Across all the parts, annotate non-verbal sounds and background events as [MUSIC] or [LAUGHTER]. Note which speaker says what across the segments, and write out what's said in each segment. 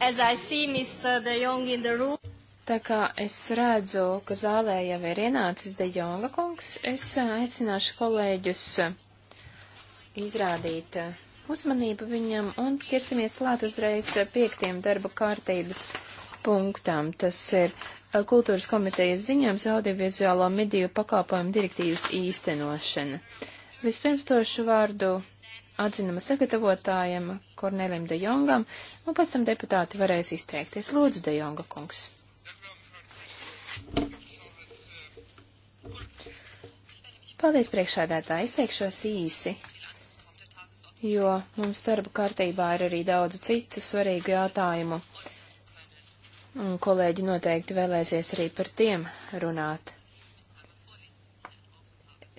Speaker 1: Room... Tā kā es redzu, ka zālē jau ir ienācis De Jonga kungs, es aicināšu kolēģus izrādīt uzmanību viņam un ķersimies klāt uzreiz piektiem darba kārtības punktām. Tas ir kultūras komitejas ziņojums audiovizuālo mediju pakalpojumu direktīvas īstenošana. Vispirms tošu vārdu atzinuma sagatavotājiem Kornelim de Jongam, un pēc tam deputāti varēs izteikties. Lūdzu, de Jonga kungs. Paldies priekšādētā, izteikšos īsi, jo mums darba kārtībā ir arī daudz citu svarīgu jautājumu, un kolēģi noteikti vēlēsies arī par tiem runāt.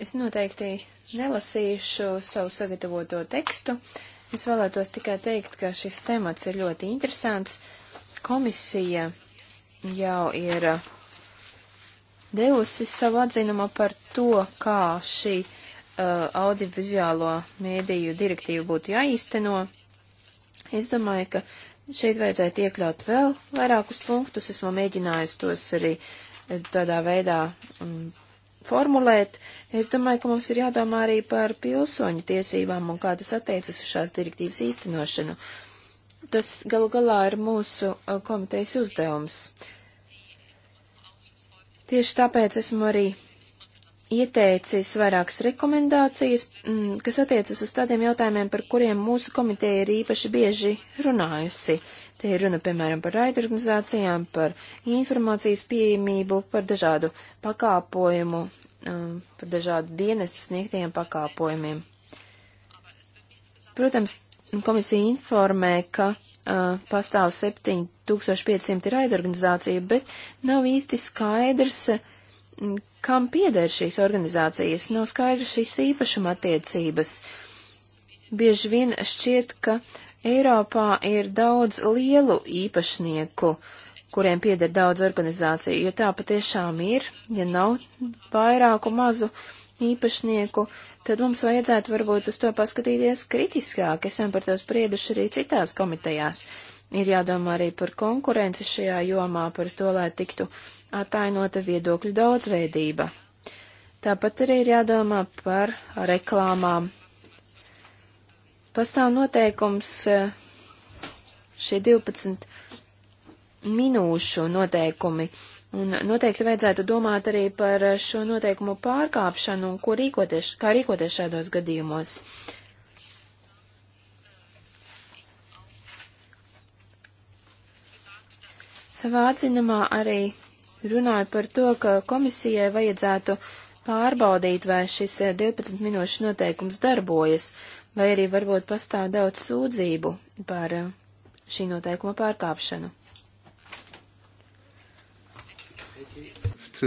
Speaker 1: Es noteikti nelasīšu savu sagatavoto tekstu. Es vēlētos tikai teikt, ka šis temats ir ļoti interesants. Komisija jau ir uh, devusi savu atzinumu par to, kā šī uh, audiovizuālo mēdīju direktīva būtu jāīsteno. Es domāju, ka šeit vajadzētu iekļaut vēl vairākus punktus. Esmu mēģinājusi tos arī eh, tādā veidā um, formulēt, es domāju, ka mums ir jādomā arī par pilsoņu tiesībām un kā tas attiecas uz šās direktīvas īstenošanu. Tas galu galā ir mūsu uh, komitejas uzdevums. Tieši tāpēc esmu arī ieteicis vairākas rekomendācijas, mm, kas attiecas uz tādiem jautājumiem, par kuriem mūsu komiteja ir īpaši bieži runājusi. Te ir runa, piemēram, par raidorganizācijām, par informācijas pieejamību, par dažādu pakāpojumu, um, par dažādu dienestu sniegtajiem pakāpojumiem. Protams, komisija informē, ka uh, pastāv 7500 raidorganizāciju, bet nav īsti skaidrs, mm, kam pieder šīs organizācijas, nav skaidrs šīs īpašuma attiecības. Bieži vien šķiet, ka uh, Eiropā ir daudz lielu īpašnieku, kuriem pieder daudz organizāciju, jo tā patiešām ir, ja nav vairāku mazu īpašnieku, tad mums vajadzētu varbūt uz to paskatīties kritiskāk. Esam par to sprieduši arī citās komitejās. Ir jādomā arī par konkurenci šajā jomā, par to, lai tiktu attainota viedokļu daudzveidība. Tāpat arī ir jādomā par reklāmām, Pastāv noteikums eh, šie 12 minūšu noteikumi, un noteikti vajadzētu domāt arī par šo noteikumu pārkāpšanu un ko rīkoties, kā rīkoties šādos gadījumos. Savā atzinumā arī runāju par to, ka komisijai vajadzētu pārbaudīt, vai šis 12 eh, minūšu noteikums darbojas, vai arī varbūt pastāv daudz sūdzību par eh, šī noteikuma pārkāpšanu. Eh,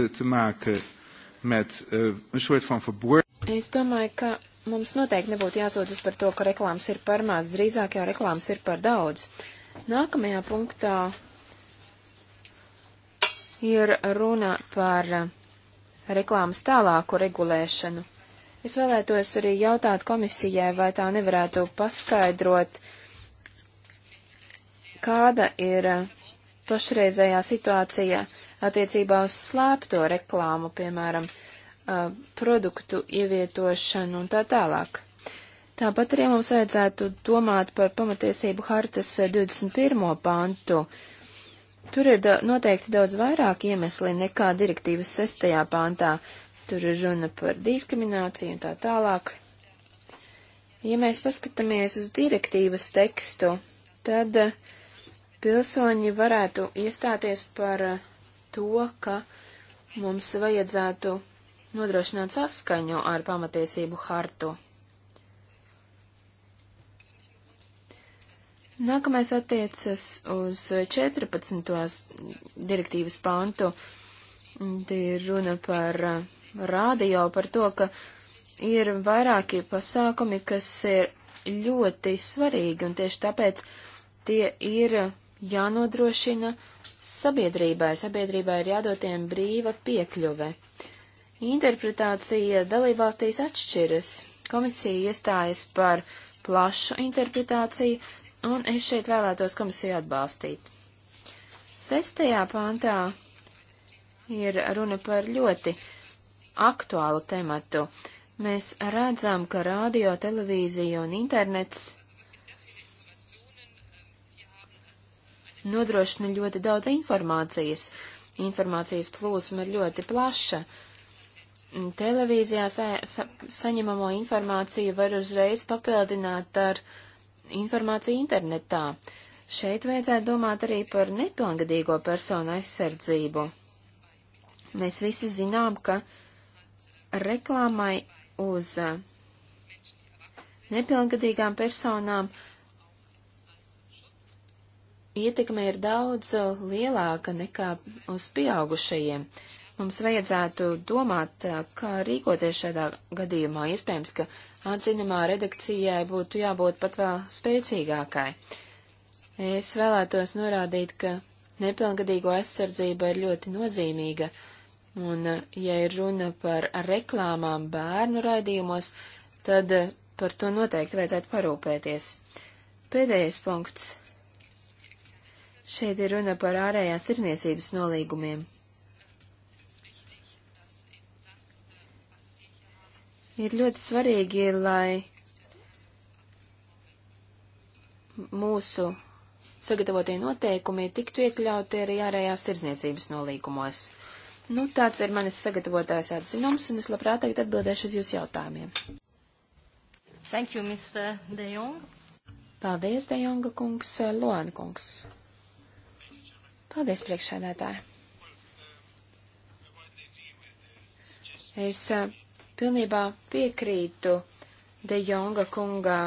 Speaker 1: es domāju, ka mums noteikti nebūtu jāsūdzas par to, ka reklāmas ir par maz, drīzāk jau reklāmas ir par daudz. Nākamajā punktā ir runa par eh, reklāmas tālāku regulēšanu. Es vēlētos arī jautāt komisijai, vai tā nevarētu paskaidrot, kāda ir uh, pašreizējā situācija attiecībā uz slēpto reklāmu, piemēram, uh, produktu ievietošanu un tā tālāk. Tāpat arī mums vajadzētu domāt par pamatiesību hartas 21. Uh, pantu. Tur ir da noteikti daudz vairāk iemesli nekā direktīvas 6. pantā, Tur ir runa par diskrimināciju un tā tālāk. Ja mēs paskatāmies uz direktīvas tekstu, tad eh, pilsoņi varētu iestāties par eh, to, ka mums vajadzētu nodrošināt saskaņu ar pamatiesību hartu. Nākamais attiecas uz 14. direktīvas pantu. Te ir runa par eh, rādio par to, ka ir vairāki pasākumi, kas ir ļoti svarīgi, un tieši tāpēc tie ir jānodrošina sabiedrībai. Sabiedrībai ir jādotiem brīva piekļuve. Interpretācija dalībvalstīs atšķiras. Komisija iestājas par plašu interpretāciju, un es šeit vēlētos komisiju atbalstīt. Sestajā pāntā ir runa par ļoti aktuālu tematu. Mēs redzam, ka radio, televīzija un internets nodrošina ļoti daudz informācijas. Informācijas plūsma ir ļoti plaša. Televīzijā sa sa saņemamo informāciju var uzreiz papildināt ar informāciju internetā. Šeit vajadzētu domāt arī par nepilngadīgo personu aizsardzību. Mēs visi zinām, ka reklāmai uz eh, nepilngadīgām personām ietekme ir daudz eh, lielāka nekā uz pieaugušajiem. Mums vajadzētu domāt, eh, kā rīkoties šādā gadījumā. Iespējams, ka atzinumā redakcijai būtu jābūt pat vēl spēcīgākai. Es vēlētos norādīt, ka nepilngadīgo aizsardzība ir ļoti nozīmīga, Un, eh, ja ir runa par reklāmām bērnu raidījumos, tad eh, par to noteikti vajadzētu parūpēties. Pēdējais punkts. Šeit ir runa par ārējās tirzniecības nolīgumiem. Ir ļoti svarīgi, lai mūsu sagatavotie noteikumi tiktu iekļauti arī ārējās tirzniecības nolīgumos. Nu, tāds ir manis sagatavotājs atzinums, un es labprāt tagad atbildēšu uz jūsu jautājumiem. Thank you, Mr. De Jong. Paldies, De Jonga kungs, Loan kungs. Paldies, priekšsēdētāji. Es eh, pilnībā piekrītu De Jonga kunga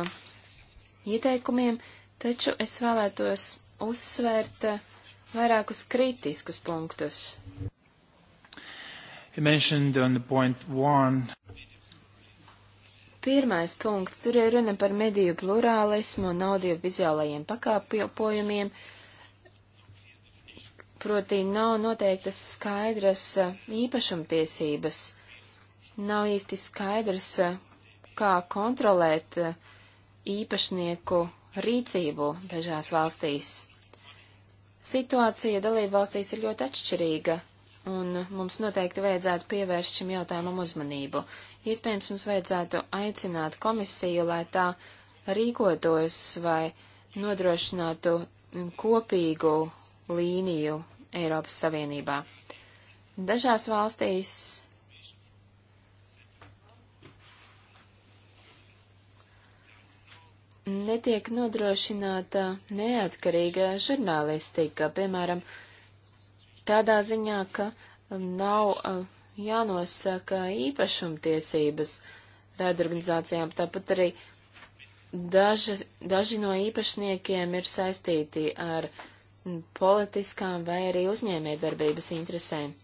Speaker 1: ieteikumiem, taču es vēlētos uzsvērt eh, vairākus kritiskus punktus mentioned on the point one. Pirmais punkts, tur ir runa par mediju plurālismu un audiovizuālajiem pakāpojumiem, proti nav noteiktas skaidras eh, īpašumtiesības, nav īsti skaidrs, eh, kā kontrolēt eh, īpašnieku rīcību dažās valstīs. Situācija dalība valstīs ir ļoti atšķirīga un mums noteikti vajadzētu pievērst šim jautājumam uzmanību. Iespējams, mums vajadzētu aicināt komisiju, lai tā rīkotos vai nodrošinātu kopīgu līniju Eiropas Savienībā. Dažās valstīs netiek nodrošināta neatkarīga žurnālistika, piemēram, uh, tādā ziņā, ka um, nav uh, jānosaka īpašumtiesības raidorganizācijām, tāpat arī daži, daži no īpašniekiem ir saistīti ar mm, politiskām vai arī uzņēmējdarbības interesēm.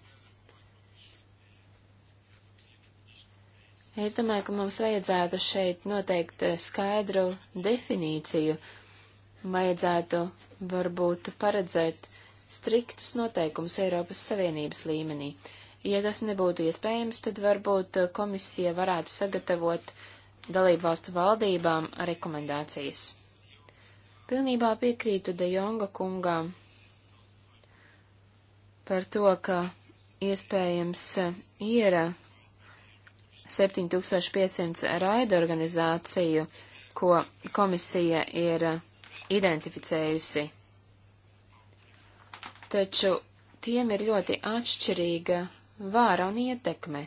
Speaker 1: Es domāju, ka mums vajadzētu šeit noteikt eh, skaidru definīciju, vajadzētu varbūt paredzēt uh, striktus noteikumus Eiropas Savienības līmenī. Ja tas nebūtu iespējams, tad varbūt uh, komisija varētu sagatavot dalību valstu valdībām rekomendācijas. Pilnībā piekrītu De Jonga kungām par to, ka iespējams uh, ir 7500 uh, raida organizāciju, ko komisija ir identificējusi taču tiem ir ļoti atšķirīga vāra un ietekme.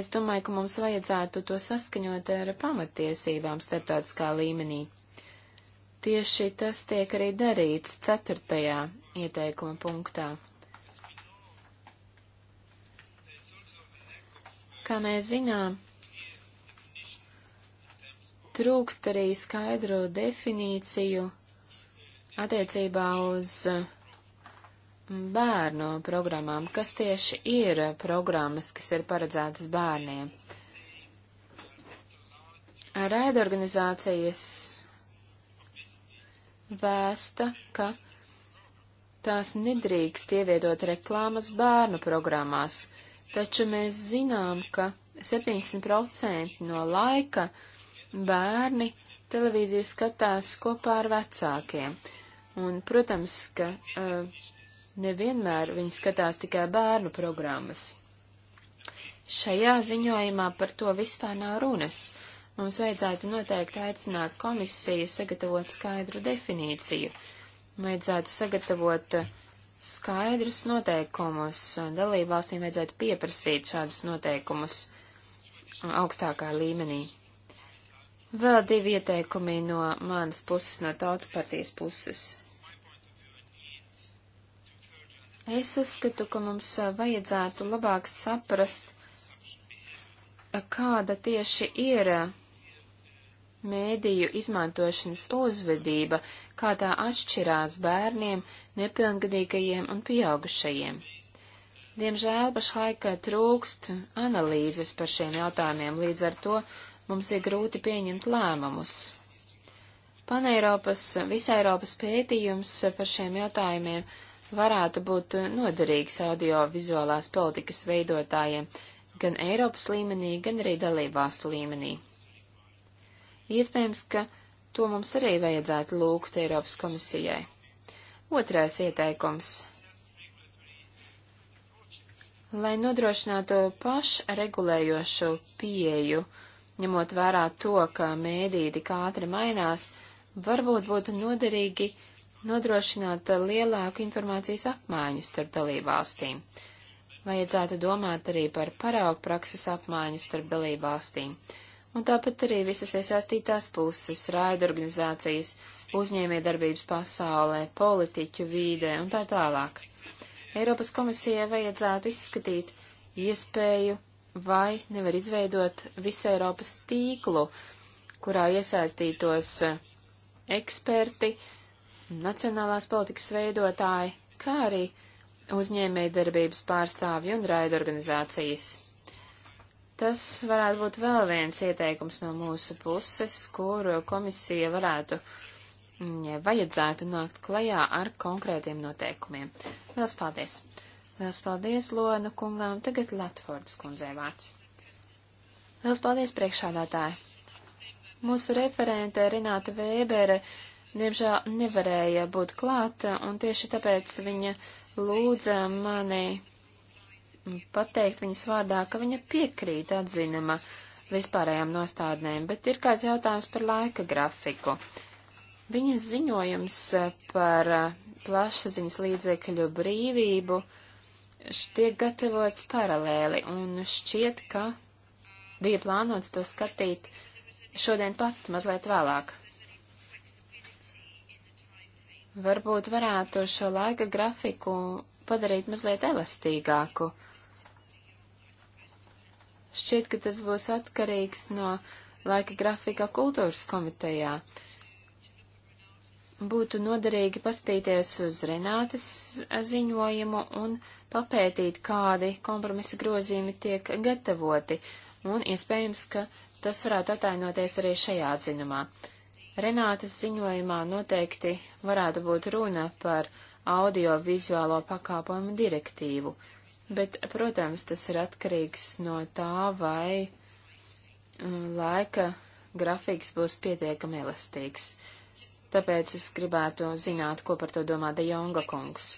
Speaker 1: Es domāju, ka mums vajadzētu to saskaņot ar pamatiesībām starptautiskā līmenī. Tieši tas tiek arī darīts ceturtajā ieteikuma punktā. Kā mēs zinām, trūkst arī skaidru definīciju attiecībā uz uh, bērnu programmām. Kas tieši ir programmas, kas ir paredzētas bērniem? Raida organizācijas vēsta, ka tās nedrīkst ievietot reklāmas bērnu programmās, taču mēs zinām, ka 70% no laika bērni televīziju skatās kopā ar vecākiem. Un, protams, ka uh, nevienmēr viņi skatās tikai bērnu programmas. Šajā ziņojumā par to vispār nav runas. Mums vajadzētu noteikti aicināt komisiju sagatavot skaidru definīciju. Vajadzētu sagatavot eh, skaidrus noteikumus. Dalībvalstīm vajadzētu pieprasīt šādus noteikumus augstākā līmenī. Vēl divi ieteikumi no manas puses, no tautas partijas puses. Es uzskatu, ka mums vajadzētu labāk saprast, kāda tieši ir mēdīju izmantošanas uzvedība, kā tā atšķirās bērniem, nepilngadīgajiem un pieaugušajiem. Diemžēl pašlaik trūkst analīzes par šiem jautājumiem, līdz ar to mums ir grūti pieņemt lēmumus. Paneiropas, visai Eiropas pētījums par šiem jautājumiem varētu būt noderīgs audiovizuālās politikas veidotājiem gan Eiropas līmenī, gan arī dalībvalstu līmenī. Iespējams, ka to mums arī vajadzētu lūgt Eiropas komisijai. Otrais ieteikums. Lai nodrošinātu pašregulējošu pieju, ņemot vērā to, ka mēdī tik ātri mainās, varbūt būtu noderīgi uh, nodrošināt eh, lielāku informācijas apmaiņu starp dalībvalstīm. Vajadzētu domāt arī par paraugu prakses apmaiņu starp dalībvalstīm. Un tāpat arī visas iesaistītās puses, raidorganizācijas, uzņēmiedarbības pasaulē, politiķu vīdē un tā tālāk. Eiropas komisijai vajadzētu izskatīt iespēju vai nevar izveidot visu Eiropas tīklu, kurā iesaistītos eh, eksperti, uh, nacionālās politikas veidotāji, kā arī uzņēmēja darbības pārstāvji un raida organizācijas. Tas varētu būt vēl viens ieteikums no mūsu puses, kuru komisija varētu, mm, ja vajadzētu nākt klajā ar konkrētiem noteikumiem. Lielas paldies! Lielas paldies, Lona kungām, tagad Latvordas kundzē vārds. Lielas paldies, priekšādātāji! Mūsu referente Renāta Vēbere diemžēl nevarēja būt klāta, un tieši tāpēc viņa lūdza mani pateikt viņas vārdā, ka viņa piekrīt atzinama vispārējām nostādnēm, bet ir kāds jautājums par laika grafiku. Viņas ziņojums par plašsaziņas līdzekļu brīvību tiek gatavots paralēli, un šķiet, ka bija plānots to skatīt šodien pat, mazliet vēlāk. Varbūt varētu šo laika grafiku padarīt mazliet elastīgāku. Šķiet, ka tas būs atkarīgs no laika grafika kultūras komitejā. Būtu noderīgi pastīties uz Renātes ziņojumu un papētīt, kādi kompromisa grozījumi tiek gatavoti, un iespējams, ka tas varētu atainoties arī šajā atzinumā. Renātas ziņojumā noteikti varētu būt runa par audiovizuālo pakāpojumu direktīvu, bet, protams, tas ir atkarīgs no tā, vai mm, laika grafiks būs pietiekami elastīgs. Tāpēc es gribētu zināt, ko par to domā De Jonga kungs.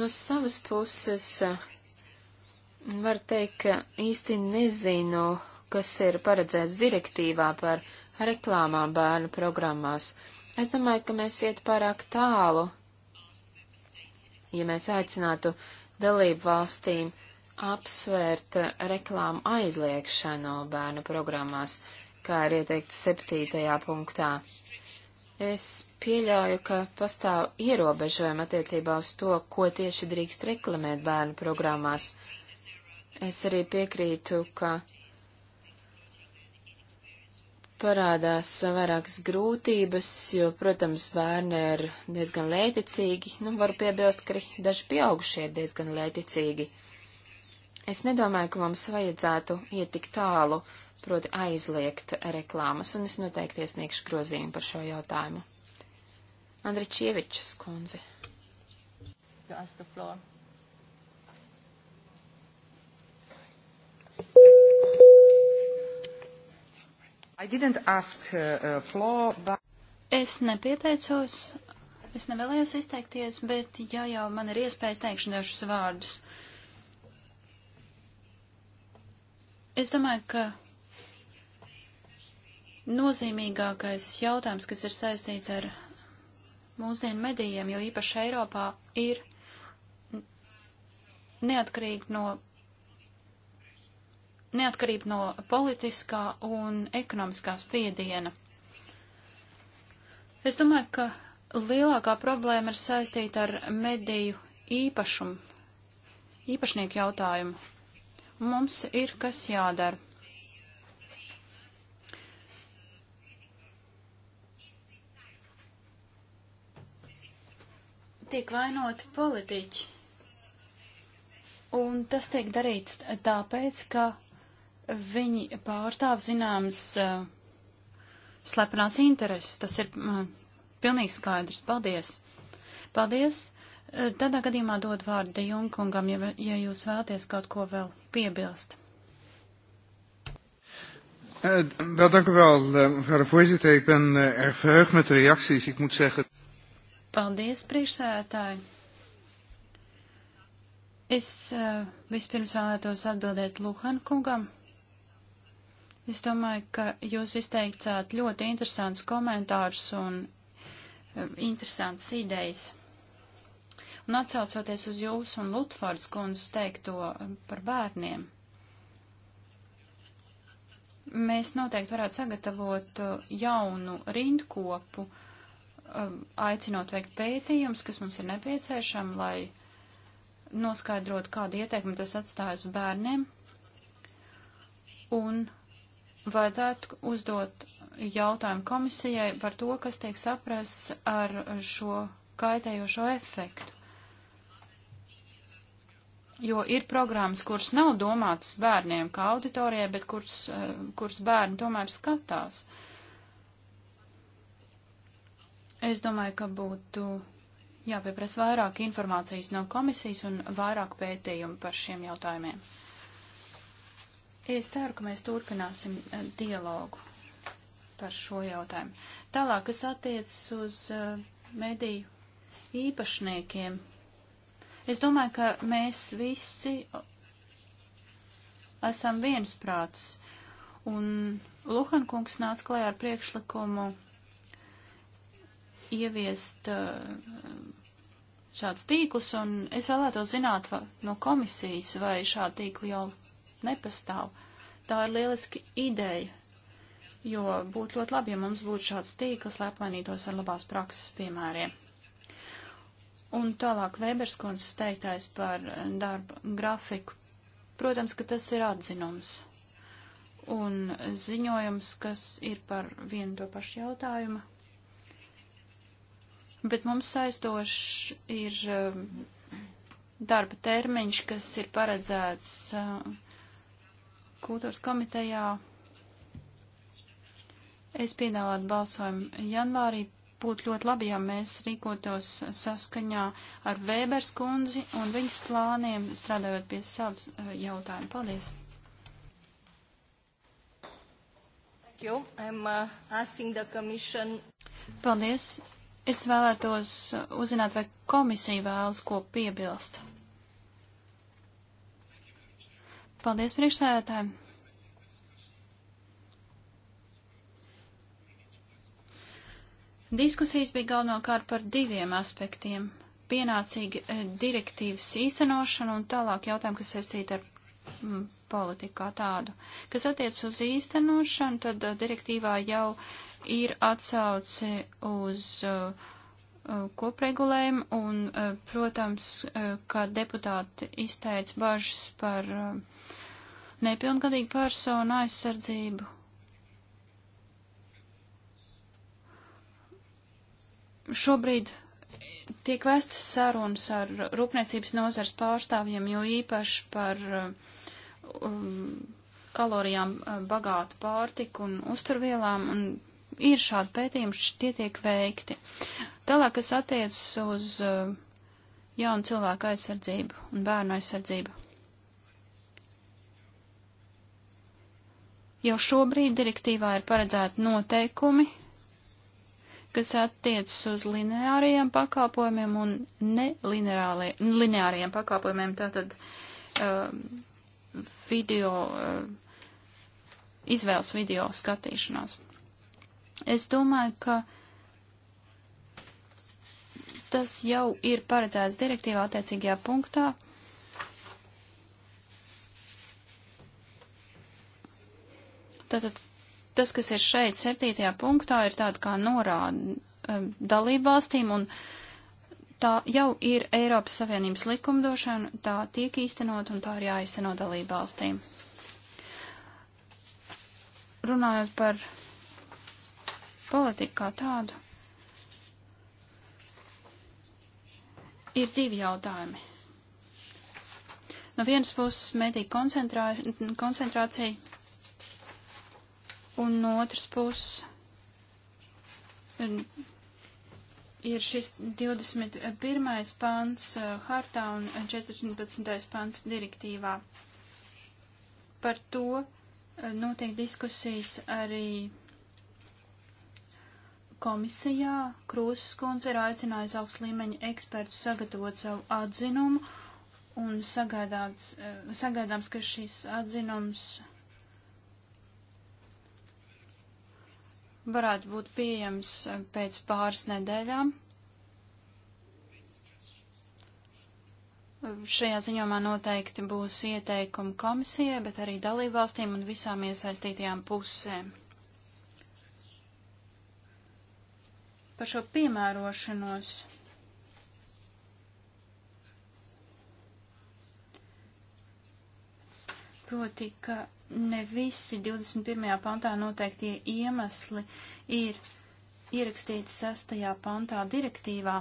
Speaker 1: No savas puses var teikt, ka īsti nezinu, kas ir paredzēts direktīvā par reklāmām bērnu programmās. Es domāju, ka mēs iet pārāk tālu, ja mēs aicinātu dalību valstīm apsvērt reklāmu aizliekšanu bērnu programmās, kā ir ieteikts septītajā punktā. Es pieļauju, ka pastāv ierobežojumi attiecībā uz to, ko tieši drīkst reklamēt bērnu programmās. Es arī piekrītu, ka parādās vairākas grūtības, jo, protams, bērni ir diezgan lēticīgi. Nu, varu piebilst, ka arī daži pieaugušie ir diezgan lēticīgi. Es nedomāju, ka mums vajadzētu iet tik tālu, proti aizliegt reklāmas, un es noteikti iesniegšu grozījumu par šo jautājumu. Andričievičs kundze. You ask the floor.
Speaker 2: Ask, uh, uh floor, but... Es nepieteicos, es nevēlējos izteikties, bet ja jau man ir iespēja teikšu dažus vārdus. Es domāju, ka nozīmīgākais jautājums, kas ir saistīts ar mūsdienu medijiem, jo īpaši Eiropā, ir neatkarīgi no neatkarību no politiskā un ekonomiskā spiediena. Es domāju, ka lielākā problēma ir saistīta ar mediju īpašumu, īpašnieku jautājumu. Mums ir kas jādara. Tiek vainoti politiķi. Un tas tiek darīts tāpēc, ka viņi pārstāv zināmas uh, slepenās intereses. Tas ir uh, pilnīgi skaidrs. Paldies! Paldies! Uh, tādā gadījumā dod vārdu De Junkungam, ja, ja jūs vēlaties kaut ko vēl piebilst.
Speaker 1: Uh, wel, dank u wel, mevrouw de voorzitter. Ik ben uh, erg verheugd met de reacties. Ik moet zeggen.
Speaker 2: Paldies, priekšsēdētāji. Es uh, vispirms vēlētos atbildēt Luhan kungam. Es domāju, ka jūs izteicāt ļoti interesants komentārus un um, interesants idejas. Un atsaucoties uz jūsu un Lutfords kundzes teikto um, par bērniem, mēs noteikti varētu sagatavot uh, jaunu rindkopu, um, aicinot veikt pētījumus, kas mums ir nepieciešami, lai noskaidrotu, kādu ieteikumu tas atstāj uz bērniem. Un vajadzētu uzdot jautājumu komisijai par to, kas tiek saprasts ar šo kaitējošo efektu. Jo ir programmas, kuras nav domātas bērniem kā auditorijai, bet kuras, eh, kuras bērni tomēr skatās. Es domāju, ka būtu jāpieprasa vairāk informācijas no komisijas un vairāk pētījumu par šiem jautājumiem. Es ceru, ka mēs turpināsim eh, dialogu par šo jautājumu. Tālāk, kas attiecas uz uh, mediju īpašniekiem, es domāju, ka mēs visi esam viensprāts. Un Luhankungs nāca klajā ar priekšlikumu ieviest uh, šādus tīklus, un es vēlētos zināt va, no komisijas, vai šādi tīkli jau nepastāv. Tā ir lieliski ideja, jo būtu ļoti labi, ja mums būtu šāds tīkls, lai apmainītos ar labās prakses piemēriem. Un tālāk Weberskunds teiktais par darba grafiku. Protams, ka tas ir atzinums un ziņojums, kas ir par vienu to pašu jautājumu. Bet mums saistoši ir um, darba termiņš, kas ir paredzēts uh, kultūras komitejā es piedāvātu balsojumu janvārī. Būtu ļoti labi, ja mēs rīkotos saskaņā ar Vēbers kundzi un viņas plāniem, strādājot pie savas eh, jautājuma. Paldies! Uh, Paldies! Es vēlētos eh, uzzināt, vai komisija vēlas ko piebilst. paldies priekšsēdētājiem. Diskusijas bija galvenokārt par diviem aspektiem - pienācīgi eh, direktīvas īstenošana un tālāk jautājumi, kas saistīti ar mm, politiku kā tādu. Kas attiec uz īstenošanu, tad eh, direktīvā jau ir atsauci uz uh, Uh, kopregulējumu, un, uh, protams, uh, kā deputāti izteica bažas par nepilngadīgu personu aizsardzību. Šobrīd tiek vēstas sarunas ar rūpniecības nozars pārstāvjiem, jo īpaši par um, kalorijām bagātu pārtiku un uzturvielām, un ir šādi pētījumi, tie tiek veikti. Tālāk, kas attiecas uz uh, jaunu cilvēku aizsardzību un bērnu aizsardzību. Jau šobrīd direktīvā ir paredzēti noteikumi, kas attiecas uz lineāriem pakalpojumiem un nelineāriem pakalpojumiem, tātad uh, video, uh, izvēles video skatīšanās. Es domāju, ka tas jau ir paredzēts direktīvā attiecīgajā punktā. Tātad tas, kas ir šeit septītajā punktā, ir tāda kā norāda um, dalību valstīm, un tā jau ir Eiropas Savienības likumdošana, tā tiek īstenot un tā ir jāīsteno dalību valstīm. Runājot par politiku kā tādu. Ir divi jautājumi. No vienas puses mediju koncentrā, koncentrācija, un no otras puses ir šis 21. pants eh, hartā un 14. pants direktīvā. Par to eh, notiek diskusijas arī komisijā Krūzes kundze ir aicinājusi augstu līmeņa ekspertus sagatavot savu atzinumu un sagaidāts, eh, sagaidāms, ka šis atzinums varētu būt pieejams eh, pēc pāris nedēļām. Šajā ziņomā noteikti būs ieteikumi komisijai, bet arī dalībvalstīm un visām iesaistītajām pusēm. par šo piemērošanos. Proti, ka ne visi 21. pantā noteiktie iemesli ir ierakstīti 6. pantā direktīvā.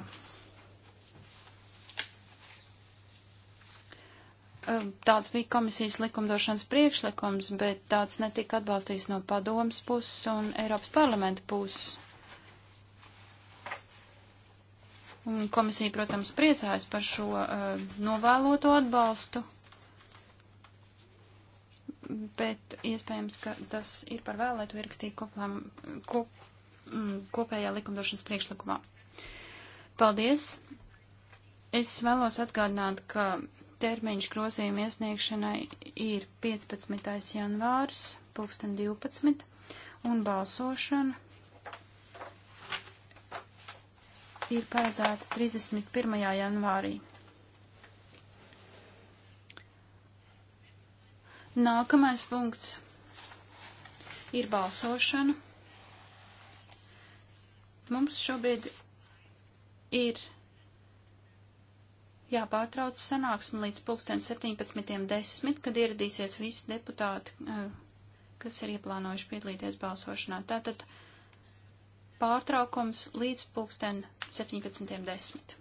Speaker 2: Tāds bija komisijas likumdošanas priekšlikums, bet tāds netika atbalstīts no padomas puses un Eiropas parlamenta puses. Un komisija, protams, priecājas par šo uh, novēloto atbalstu, bet iespējams, ka tas ir par vēl, lai to ierakstītu koplām, kop, mm, kopējā likumdošanas priekšlikumā. Paldies! Es vēlos atgādināt, ka termiņš grozījuma iesniegšanai ir 15. janvārs, 2012, un balsošana ir paredzēta 31. janvārī. Nākamais punkts ir balsošana. Mums šobrīd ir jāpārtrauc sanāksme līdz pulksten 17.10, kad ieradīsies visi deputāti, eh, kas ir ieplānojuši piedalīties balsošanā. Tātad pārtraukums līdz pulksten 17.10.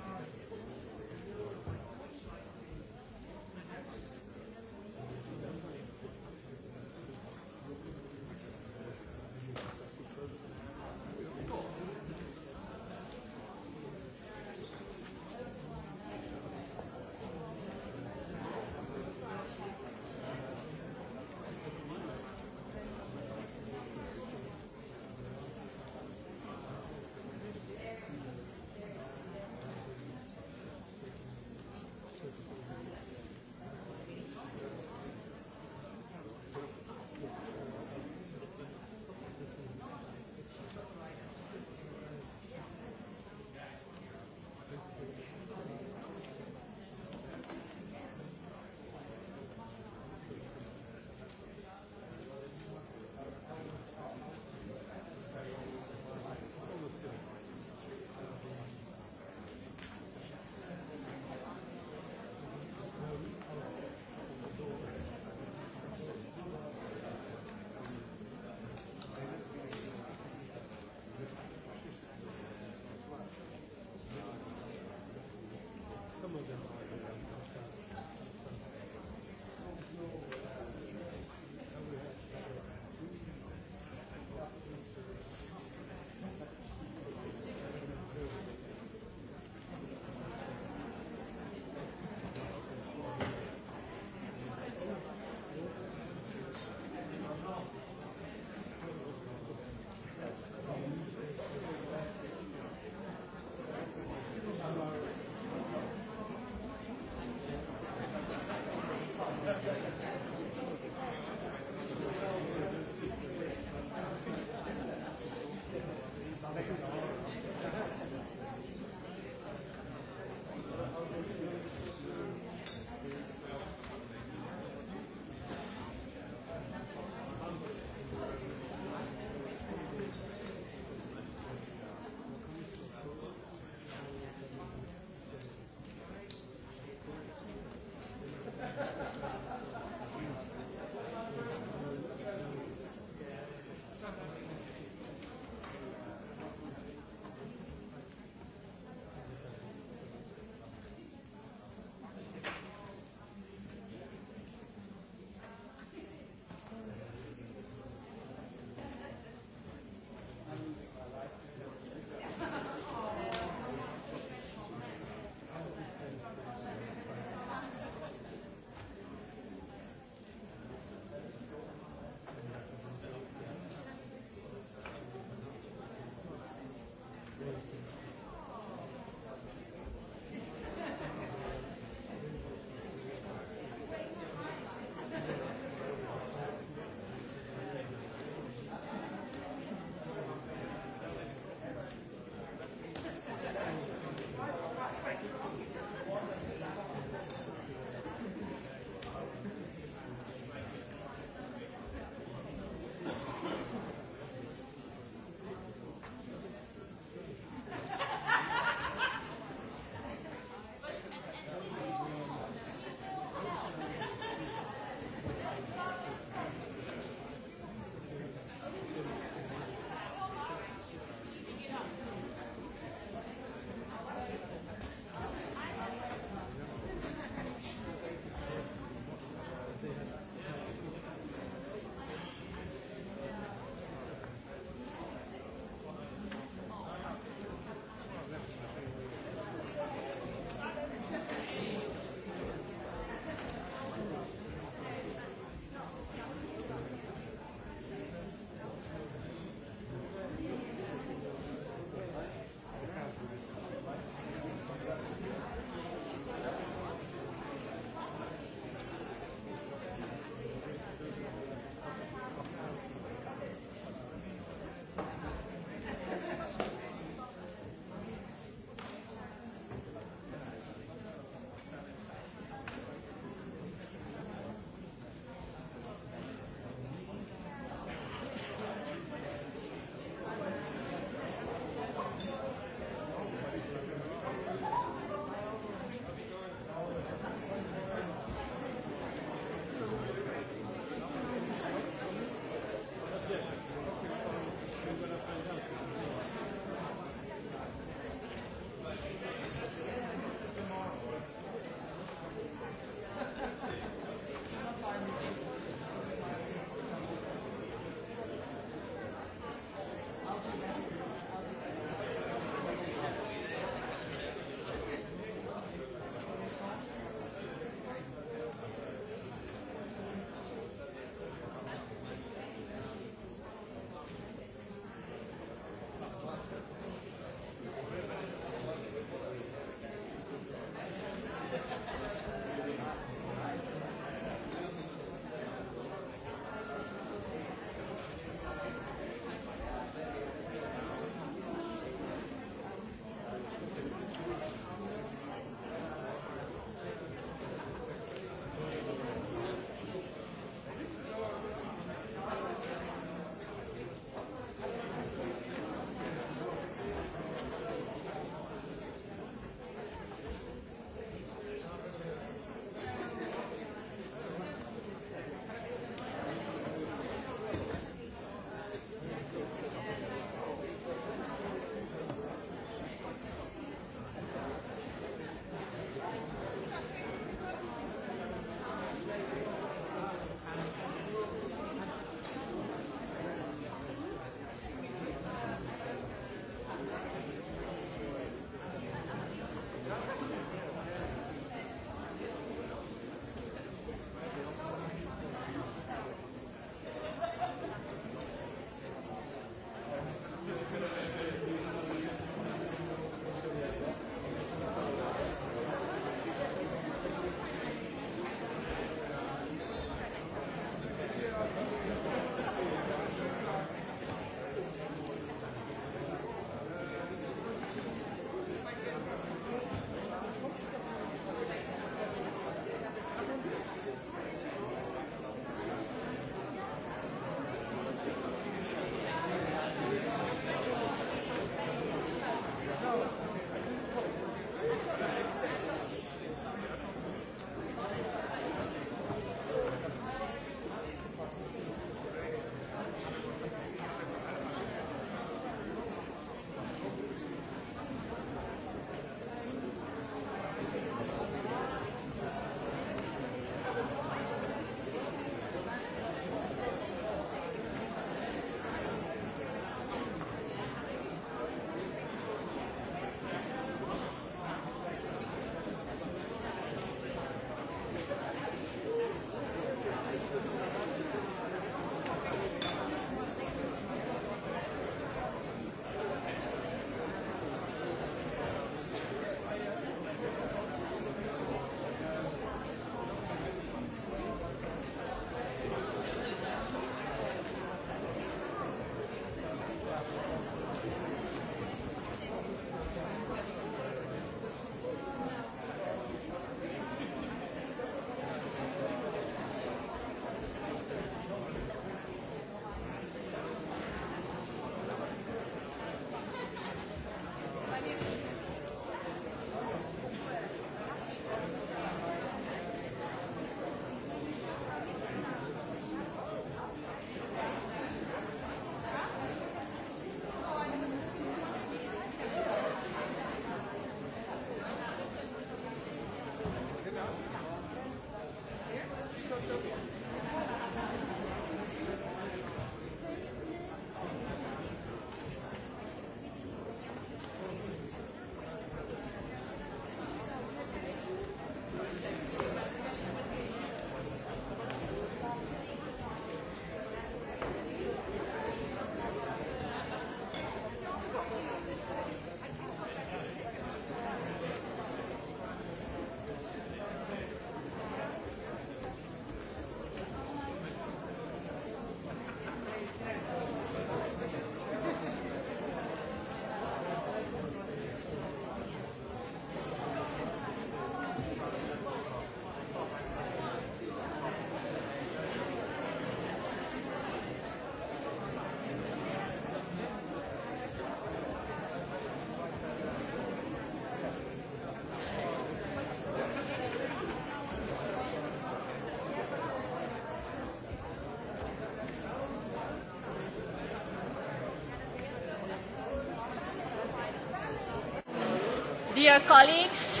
Speaker 2: Dear colleagues,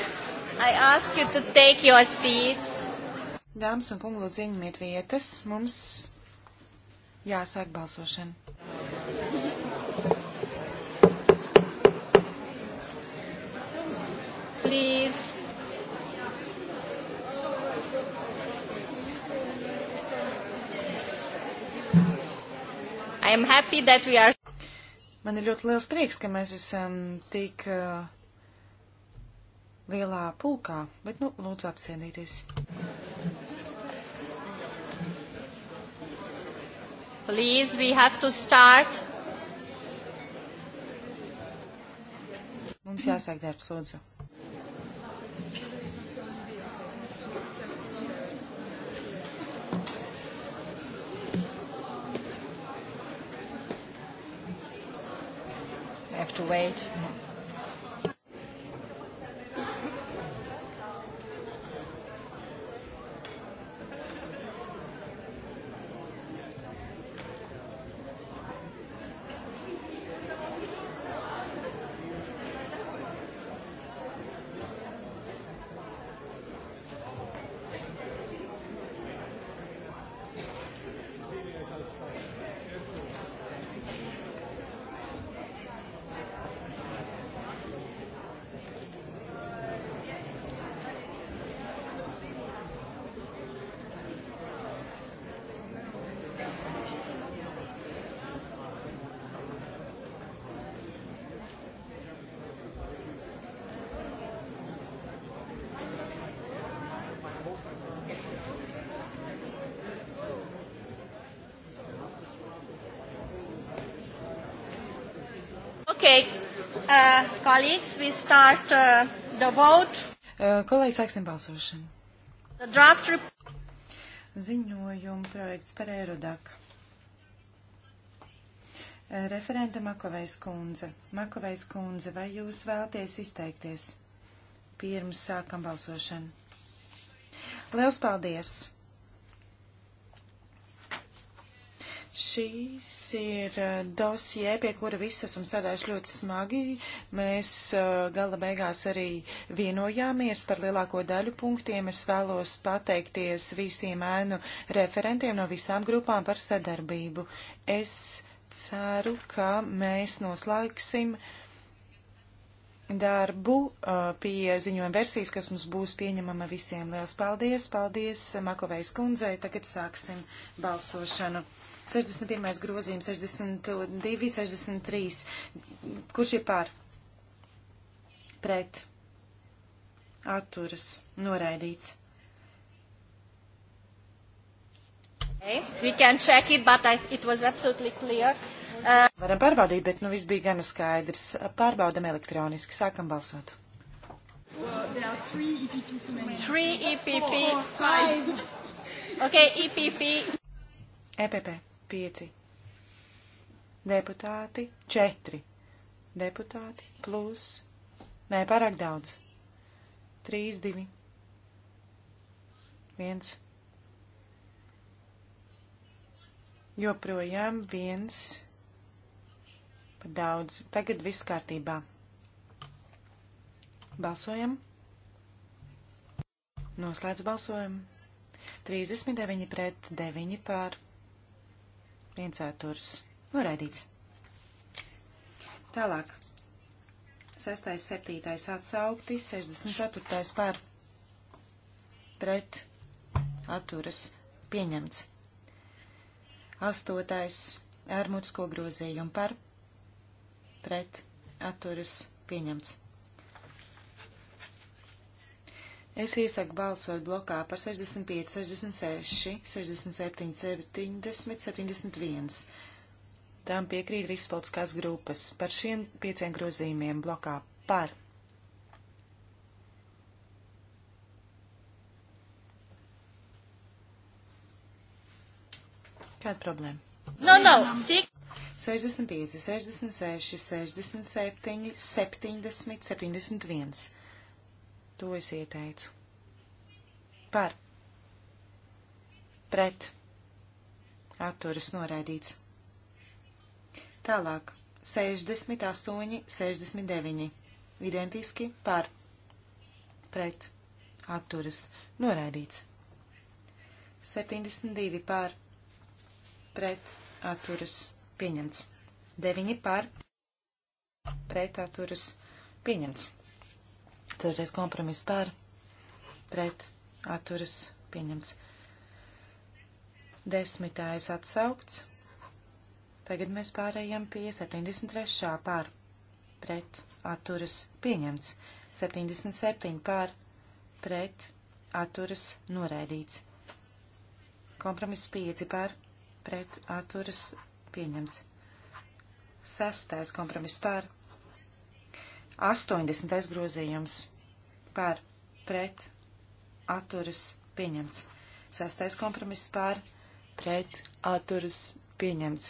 Speaker 2: I ask you to take your seats.
Speaker 3: Dāmas un kungi, lūdzu, ieņemiet vietas. Mums jāsāk balsošana.
Speaker 2: Please.
Speaker 1: I am
Speaker 3: happy that we are Man ir ļoti liels prieks, ka mēs esam tik uh, lielā pulkā, bet, nu, lūdzu apsēdīties.
Speaker 2: Please, we have to start.
Speaker 3: Mums jāsāk darbs, lūdzu.
Speaker 1: have to wait.
Speaker 2: Colleagues, we start uh, the vote.
Speaker 3: Uh, kolēģi, sāksim balsošanu. The draft report. Ziņojuma projekts par Eirodaku. Uh, referente Makovejs kundze. Makovejs kundze, vai jūs vēlaties izteikties? Pirms sākam balsošanu. Liels paldies! Šīs ir eh, dosie, pie kura visi esam strādājuši ļoti smagi. Mēs eh, gala beigās arī vienojāmies par lielāko daļu punktiem. Es vēlos pateikties visiem ēnu referentiem no visām grupām par sadarbību. Es ceru, ka mēs noslēgsim darbu eh, pie ziņojuma versijas, kas mums būs pieņemama visiem. Liels paldies! Paldies Makovejas kundzei! Tagad sāksim balsošanu. 61. grozījums, 62, 63. Kurš ir pār? Pret. Atturas. Noraidīts.
Speaker 2: Okay. We can check it, but I, it was absolutely clear. Uh, Varam
Speaker 3: pārbaudīt, bet nu viss bija gana skaidrs. Pārbaudam elektroniski. Sākam balsot.
Speaker 2: Well, there are three EPP too many. Three EPP. Four, five. Okay, EPP.
Speaker 3: EPP. 5 deputāti, 4 deputāti plus, nē, pārāk daudz, 3, 2, 1. Joprojām viens par daudz. Tagad viss kārtībā. Balsojam. Noslēdz balsojumu. 39 pret 9 pār viens atturs noraidīts. Tālāk. 6. 7. atsaukti, 64. par pret atturas pieņemts. 8. ar mutisko grozījumu par pret atturas pieņemts. Es iesaku balsot blokā par 65, 66, 67, 70, 71. Tām piekrīt visas politiskās grupas par šiem pieciem grozījumiem blokā par. Kāda problēma? No, no, sik. 65, 66, 67, 70, 71. To es ieteicu. Par. Pret. Atturas noraidīts. Tālāk. 68, 69. Identiski par. Pret. Atturas noraidīts. 72 par. Pret. Atturas pieņemts. 9 par. Pret. Atturas pieņemts. Ceturtais kompromiss par, pret, atturas, pieņemts. Desmitais atsaukts. Tagad mēs pārējām pie 73. pār, pret, atturas, pieņemts. 77 pār, pret, atturas, noraidīts. Kompromiss 5 pār, pret, atturas, pieņemts. Sestais kompromiss pār, 80. grozījums par pret atturas pieņemts. 6. kompromiss par pret atturas pieņemts.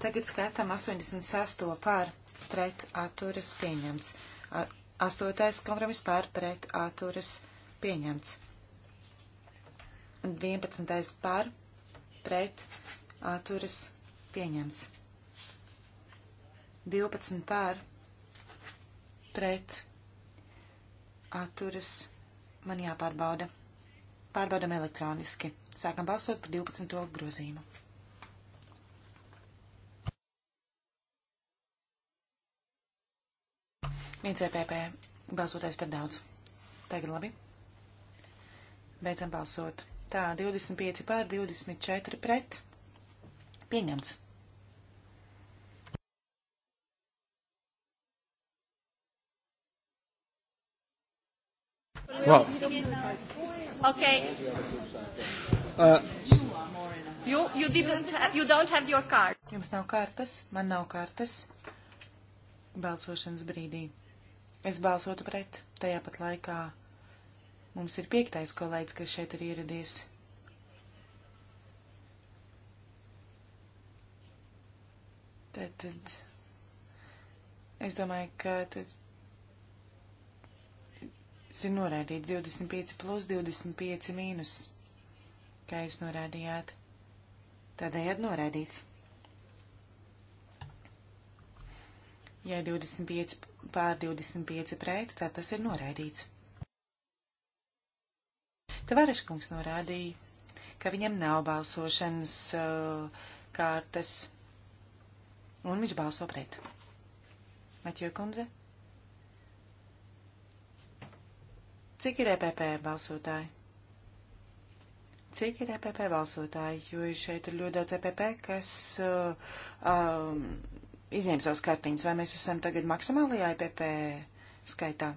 Speaker 3: Tagad skatām 86. par pret atturas pieņemts. 8. kompromiss par pret atturas pieņemts. 11. par pret atturas pieņemts. 12 par pret pret atturas man jāpārbauda. Pārbaudam elektroniski. Sākam balsot par 12. grozīmu. ICPP balsotais par daudz. Tagad labi. Beidzam balsot. Tā, 25 pār 24 pret. Pieņemts.
Speaker 2: Well, okay. Uh, you, you, didn't have, you
Speaker 3: don't have your card. Jums nav kartes, man nav kartes. Balsošanas brīdī. Es balsotu pret. Tajā pat laikā mums ir piektais kolēģis, kas šeit ir ieradies. Tad, tad es domāju, ka tas Tas ir norādīts 25 plus 25 mīnus, kā jūs norādījāt. Tādējādi norādīts. Ja 25 pār 25 pret, tad tas ir noraidīts. Tavareškungs norādīja, ka viņam nav balsošanas uh, kārtas, un viņš balso pret. Matjo kundze? Cik ir EPP balsotāji? Cik ir EPP balsotāji? Jo šeit ir ļoti daudz EPP, kas uh, um, izņem savus kartiņus. Vai mēs esam tagad maksimālajā EPP skaitā?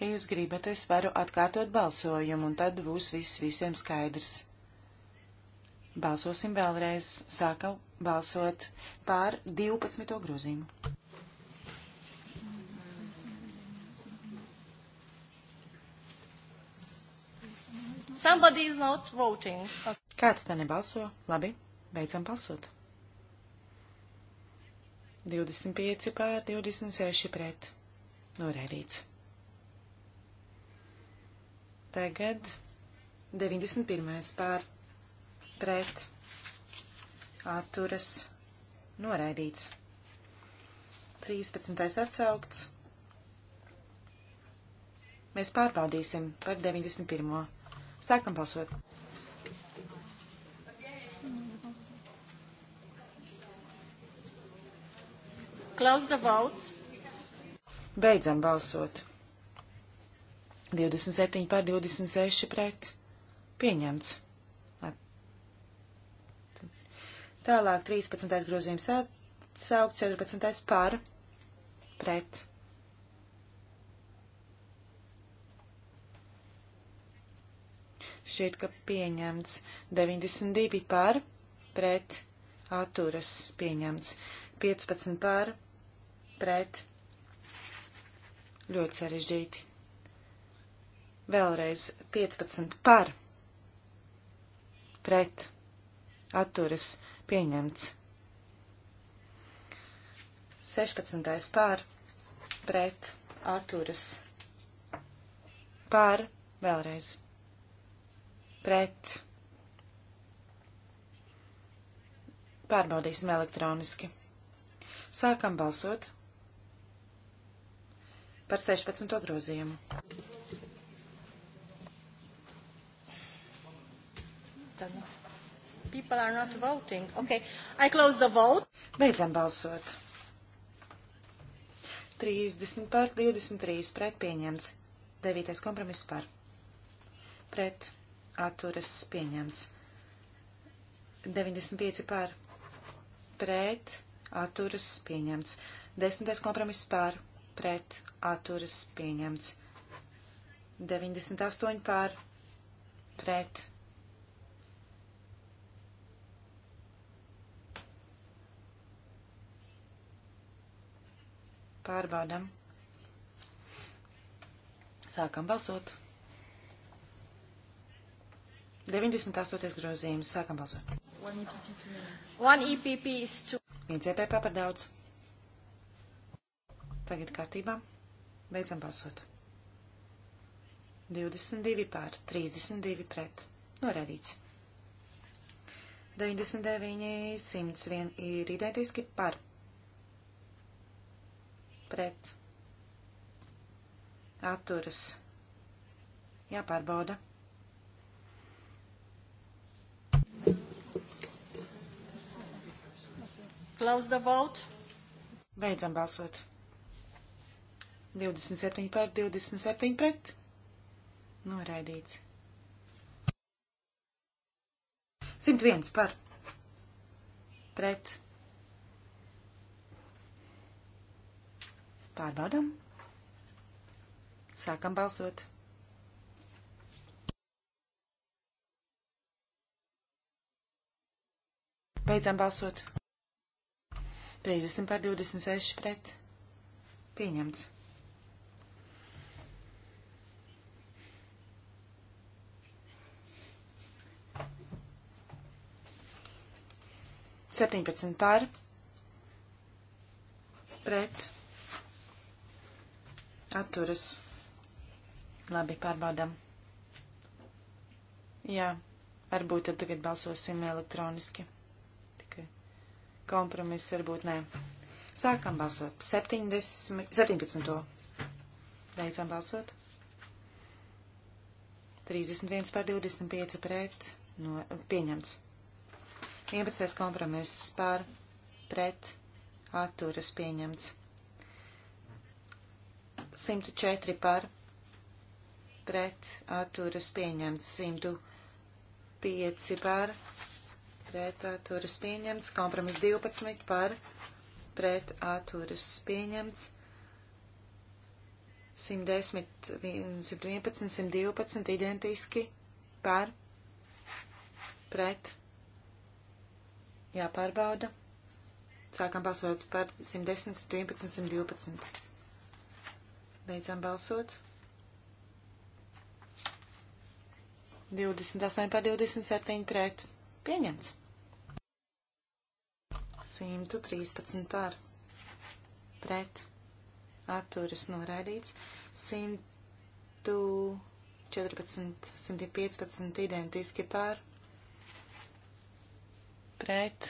Speaker 3: Ja jūs gribat, es varu atkārtot balsojumu, un tad būs viss visiem skaidrs. Balsosim vēlreiz. Sākam balsot pār 12. grozīmu.
Speaker 2: Somebody is not voting.
Speaker 3: Kāds te nebalso? Labi, beidzam balsot. 25 pār 26 pret. Noraidīts. Tagad 91 pār pret atturas noraidīts. 13. atsaukts. Mēs pārbaudīsim par 91. Sākam balsot.
Speaker 2: Close the vote.
Speaker 3: Beidzam balsot. 27 pār 26 pret. Pieņemts. Tālāk 13. grozījums atsaukt, 14. par, pret. Šķiet, ka pieņemts 92 par, pret, atturas pieņemts 15 par, pret. Ļoti sarežģīti. Vēlreiz 15 par, pret, atturas pieņemts pieņemts. 16. pār pret atturas pār vēlreiz pret pārbaudīsim elektroniski. Sākam balsot par 16. grozījumu. Tad, nu. People are not voting. Okay. I close the vote. Beidzam balsot. 30 par, 23 pret pieņemts. 9. kompromiss par. Pret atturas pieņemts. 95 par. Pret atturas pieņemts. 10. kompromiss par. Pret atturas pieņemts. 98 par. Pret Pārbaudam. Sākam balsot. 98. grozījums. Sākam balsot. One EPP is two. Viens EPP par daudz. Tagad kārtībā. Beidzam balsot. 22 pār 32 pret. Norādīts. 99, 101 ir identiski par pret atturas jāpārbauda. Close the vote. Beidzam balsot. 27 par 27 pret. Noraidīts. 101 par. Pret. Pārbaudam. Sākam balsot. Beidzam balsot. 30 par 26 pret. Pieņemts. Septiņpadsmit pār pret atturas. Labi, pārbaudam. Jā, varbūt tad tagad balsosim elektroniski. Tikai kompromiss varbūt nē. Sākam balsot. 70, 17. Beidzam balsot. 31 par 25 pret. No, pieņemts. 11. kompromiss par pret atturas pieņemts. 104 par pret atturas pieņemts 105 par pret atturas pieņemts kompromis 12 par pret atturas pieņemts 110, 111, 112 identiski par pret jāpārbauda. Sākam balsot par 110, 111, 112. Beidzam balsot. 28 par 27 pret. Pieņemts. 113 par. Pret. Atturas noraidīts. 114, 115 identiski par. Pret.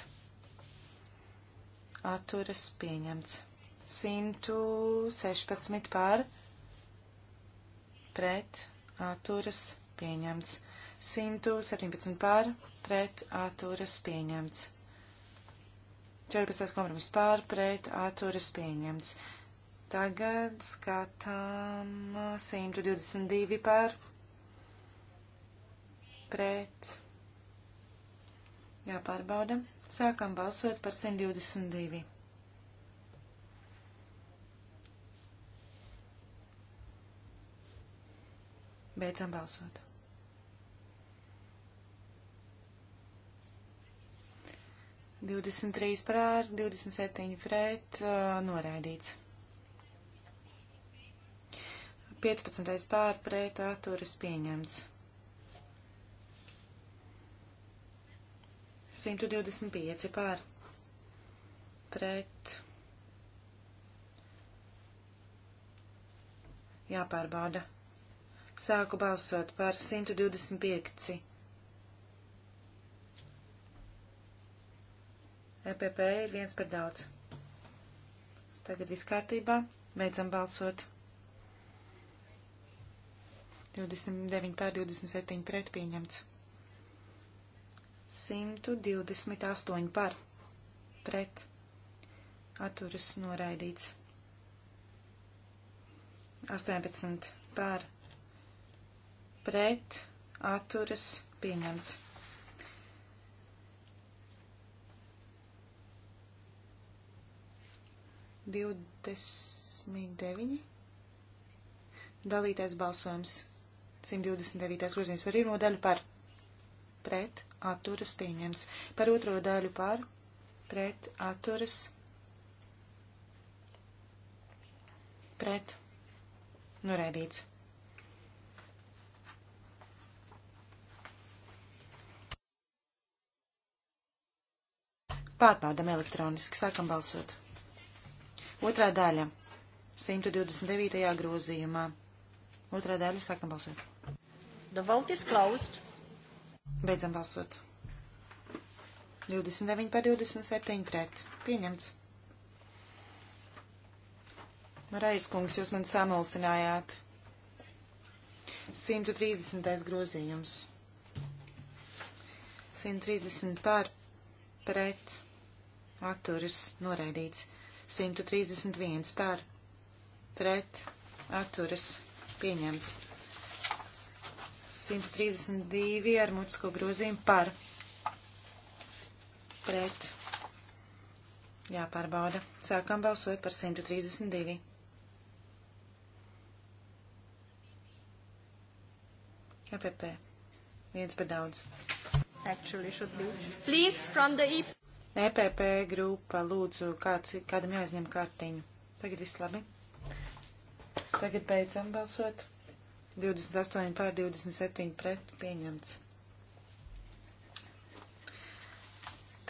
Speaker 3: Atturas pieņemts. 116 pār pret atturas pieņemts. 117 pār pret atturas pieņemts. 14. kompromiss pār pret atturas pieņemts. Tagad skatām 122 pār pret. Jāpārbauda. Sākam balsot par 122. Beidzam balsot. Divdesmit trīs pār, divdesmit septiņi pret, noraidīts. 15. pār pret atturas pieņemts. 125 pār pret jāpārbauda. Sāku balsot par 125. EPP ir viens par daudz. Tagad viss kārtībā. Beidzam balsot. 29 pār 27 pret pieņemts. 128 par pret atturas noraidīts. 18 pār pret atturas pieņemts. Divdesmit deviņi. Dalītais balsojums. 129. grozījums par pirmo daļu par pret atturas pieņemts. Par otro daļu par pret atturas pret norēdīts. Pārbaudam elektroniski, sākam balsot. Otrā daļa. 129. grozījumā. Otrā daļa, sākam balsot. The vote is closed. Beidzam balsot. 29 par 27 pret. Pieņemts. Marais kungs, jūs man samulsinājāt. 130. grozījums. 130 par pret atturas noraidīts. 131 par pret atturas pieņemts. 132 ar mutisko grozījumu par pret. Jāpārbauda. Sākam balsot par 132. KPP. Viens par daudz. Actually should be. Please, from the EP. EPP grupa, lūdzu, kāds, kādam jāizņem kartiņu. Tagad viss labi. Tagad beidzam balsot. 28 pār 27 pret pieņemts.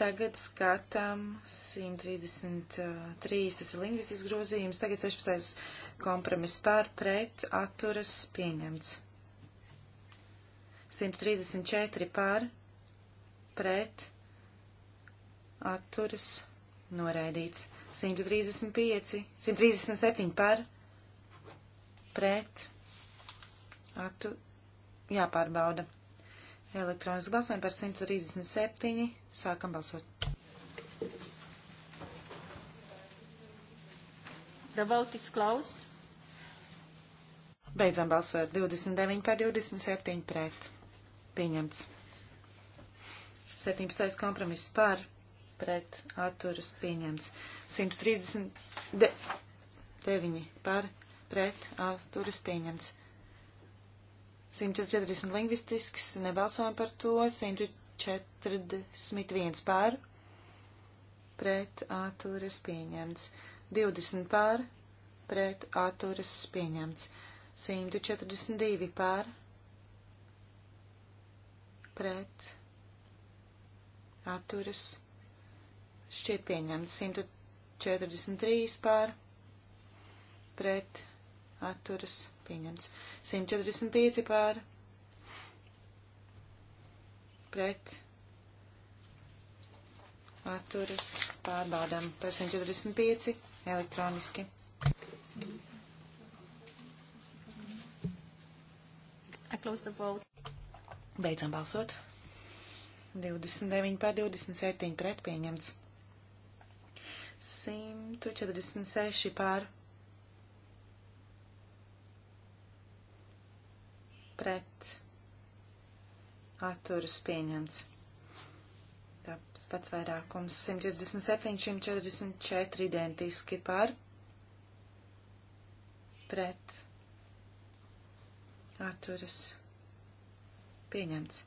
Speaker 3: Tagad skatām 133, tas ir lingvistisks grozījums, tagad 16. kompromiss pār pret atturas pieņemts. 134 pār pret atturas noraidīts. 135, 137 par pret attu jāpārbauda. Elektroniski balsojam par 137. Sākam balsot.
Speaker 2: The vote is closed.
Speaker 3: Beidzam balsot 29 par 27 pret. Pieņemts. 17. kompromiss par pret atturas pieņemts. 139 par pret atturas pieņemts. 140 lingvistisks, nebalsojam par to, 141 pār, pret atturas pieņemts, 20 pār, pret atturas pieņemts, 142 pār, pret atturas pieņemts. Atturas šķiet pieņemts 143 pār pret atturas pieņemts 145 pār pret atturas pārbaudām par 145 elektroniski. Beidzam balsot. 29 pār 27 pret pieņemts. 146 pār pret atturas pieņemts. Tāds pats vairākums 127, 144 identiski par pret atturas pieņemts.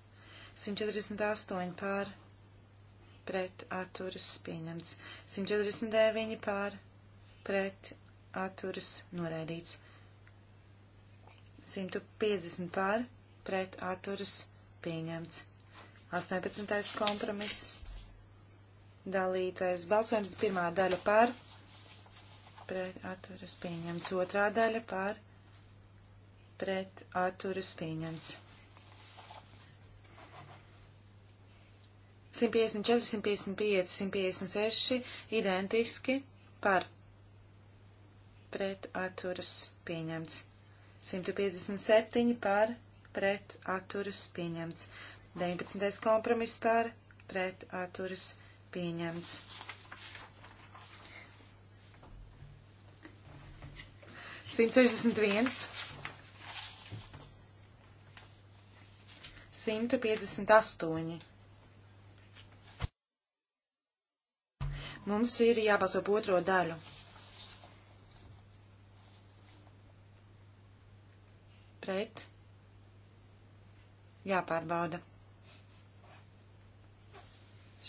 Speaker 3: 148 pār pret pret atturas pieņemts. 149 pār pret atturas noraidīts. 150 pār pret atturas pieņemts. 18. kompromiss. Dalītais balsojums pirmā daļa pār pret atturas pieņemts. Otrā daļa pār pret atturas pieņemts. 154, 155, 156 identiski par pret atturas pieņemts. 157 par pret atturas pieņemts. 19. kompromiss par pret atturas pieņemts. Simt sešdesmit viens, simt piecdesmit astoņi. Mums ir jābalso par otro daļu. Pret. Jāpārbauda.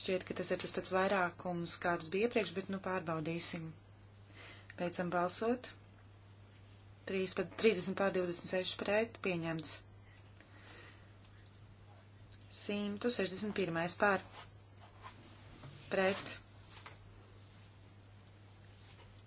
Speaker 3: Šķiet, ka tas ir tas pats vairākums, kāds bija iepriekš, bet nu pārbaudīsim. Beidzam balsot. 30 pār 26 pret pieņemts. 161 pār pret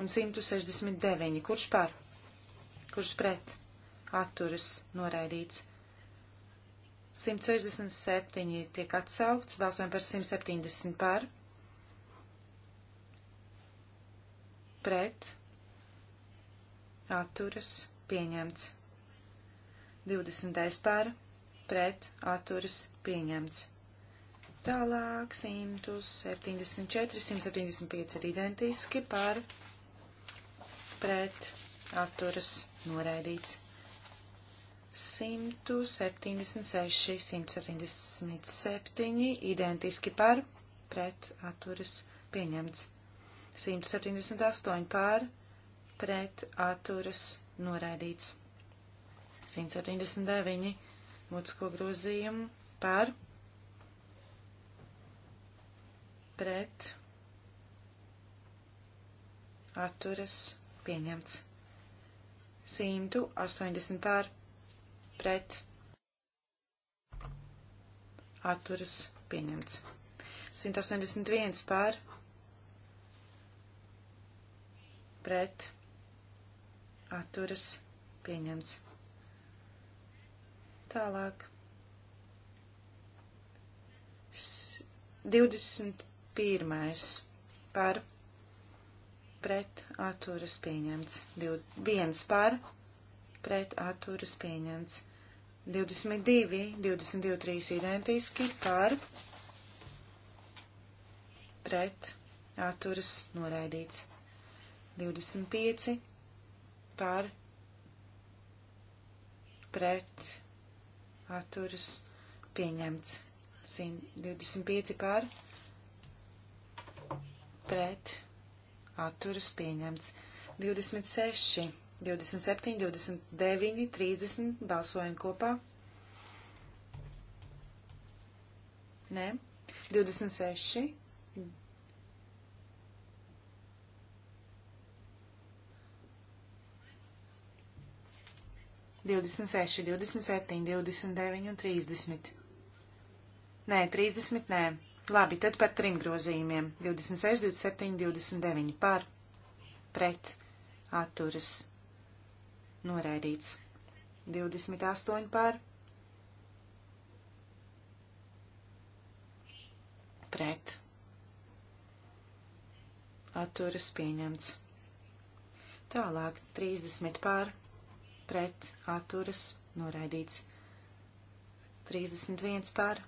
Speaker 3: un 169. Kurš par? Kurš pret? Atturas noraidīts. 167 tiek atsaukts, balsojam par 170 par, pret, atturas, pieņemts, 20 par, pret, atturas, pieņemts. Tālāk 174, 175 ir identiski par, pret pret atturas noraidīts. 176, 177, identiski par, pret atturas pieņemts. 178 pār, pret atturas noraidīts. 179 mutisko grozījumu pār, pret atturas noraidīts pieņemts. 180 pār pret atturas pieņemts. 181 pār pret atturas pieņemts. Tālāk. 21. par pret pret atturas pieņemts. 1 par pret atturas pieņemts. 22, 22, 3 identiski par pret atturas noraidīts. 25 par pret atturas pieņemts. 125 par pret atturas pieņemts. 26, 27, 29, 30 balsojam kopā. Nē, 26. Divdesmit seši, divdesmit septiņi, divdesmit deviņi un trīsdesmit. Nē, trīsdesmit nē. Labi, tad par trim grozījumiem. 26, 27, 29 par, pret, atturas, noraidīts. 28 par, pret, atturas pieņemts. Tālāk 30 pār, pret, atturas, noraidīts. 31 pār,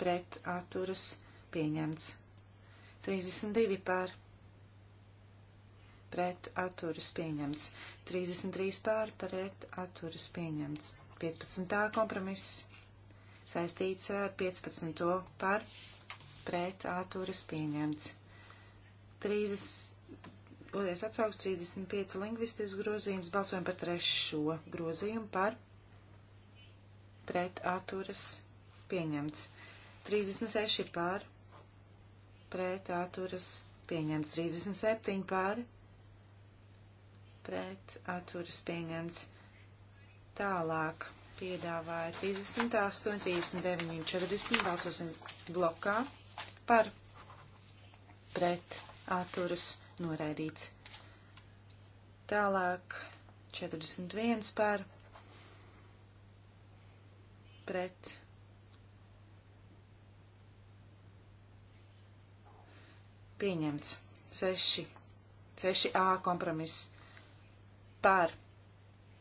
Speaker 3: pret atturas pieņemts. 32 pār pret atturas pieņemts. 33 pār pret atturas pieņemts. 15. kompromiss saistīts ar 15. par pret atturas pieņemts. 30. Otrais atsaugs 35 lingvistisks grozījums. Balsojam par trešo grozījumu par pret atturas pieņemts. 36 pār pret atturas pieņemts. 37 pār pret atturas pieņemts. Tālāk piedāvāja 38, 39 un 40. Balsosim blokā par pret atturas noraidīts. Tālāk 41 par pret atturas pieņemts. 6. 6a kompromiss par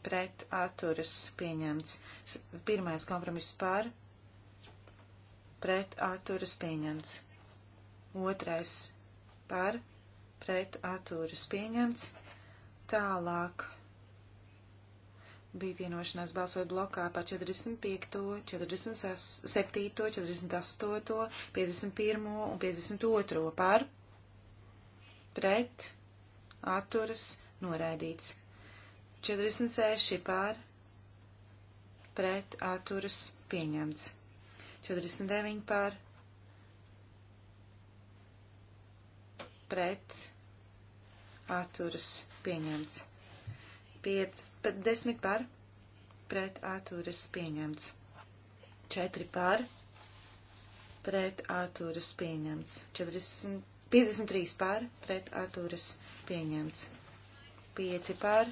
Speaker 3: pret atturas pieņemts. Pirmais kompromiss par pret atturas pieņemts. Otrais par pret atturas pieņemts. Tālāk bija vienošanās balsot blokā par 45., 47., 48., 51. un 52. par pret, atturas, noraidīts. 46 pār, pret, atturas, pieņemts. 49 pār, pret, atturas, pieņemts. 50 pār, pret, atturas, pieņemts. 4 pār, pret, atturas, pieņemts. 40 53 pār pret atturas pieņemts. 5 pār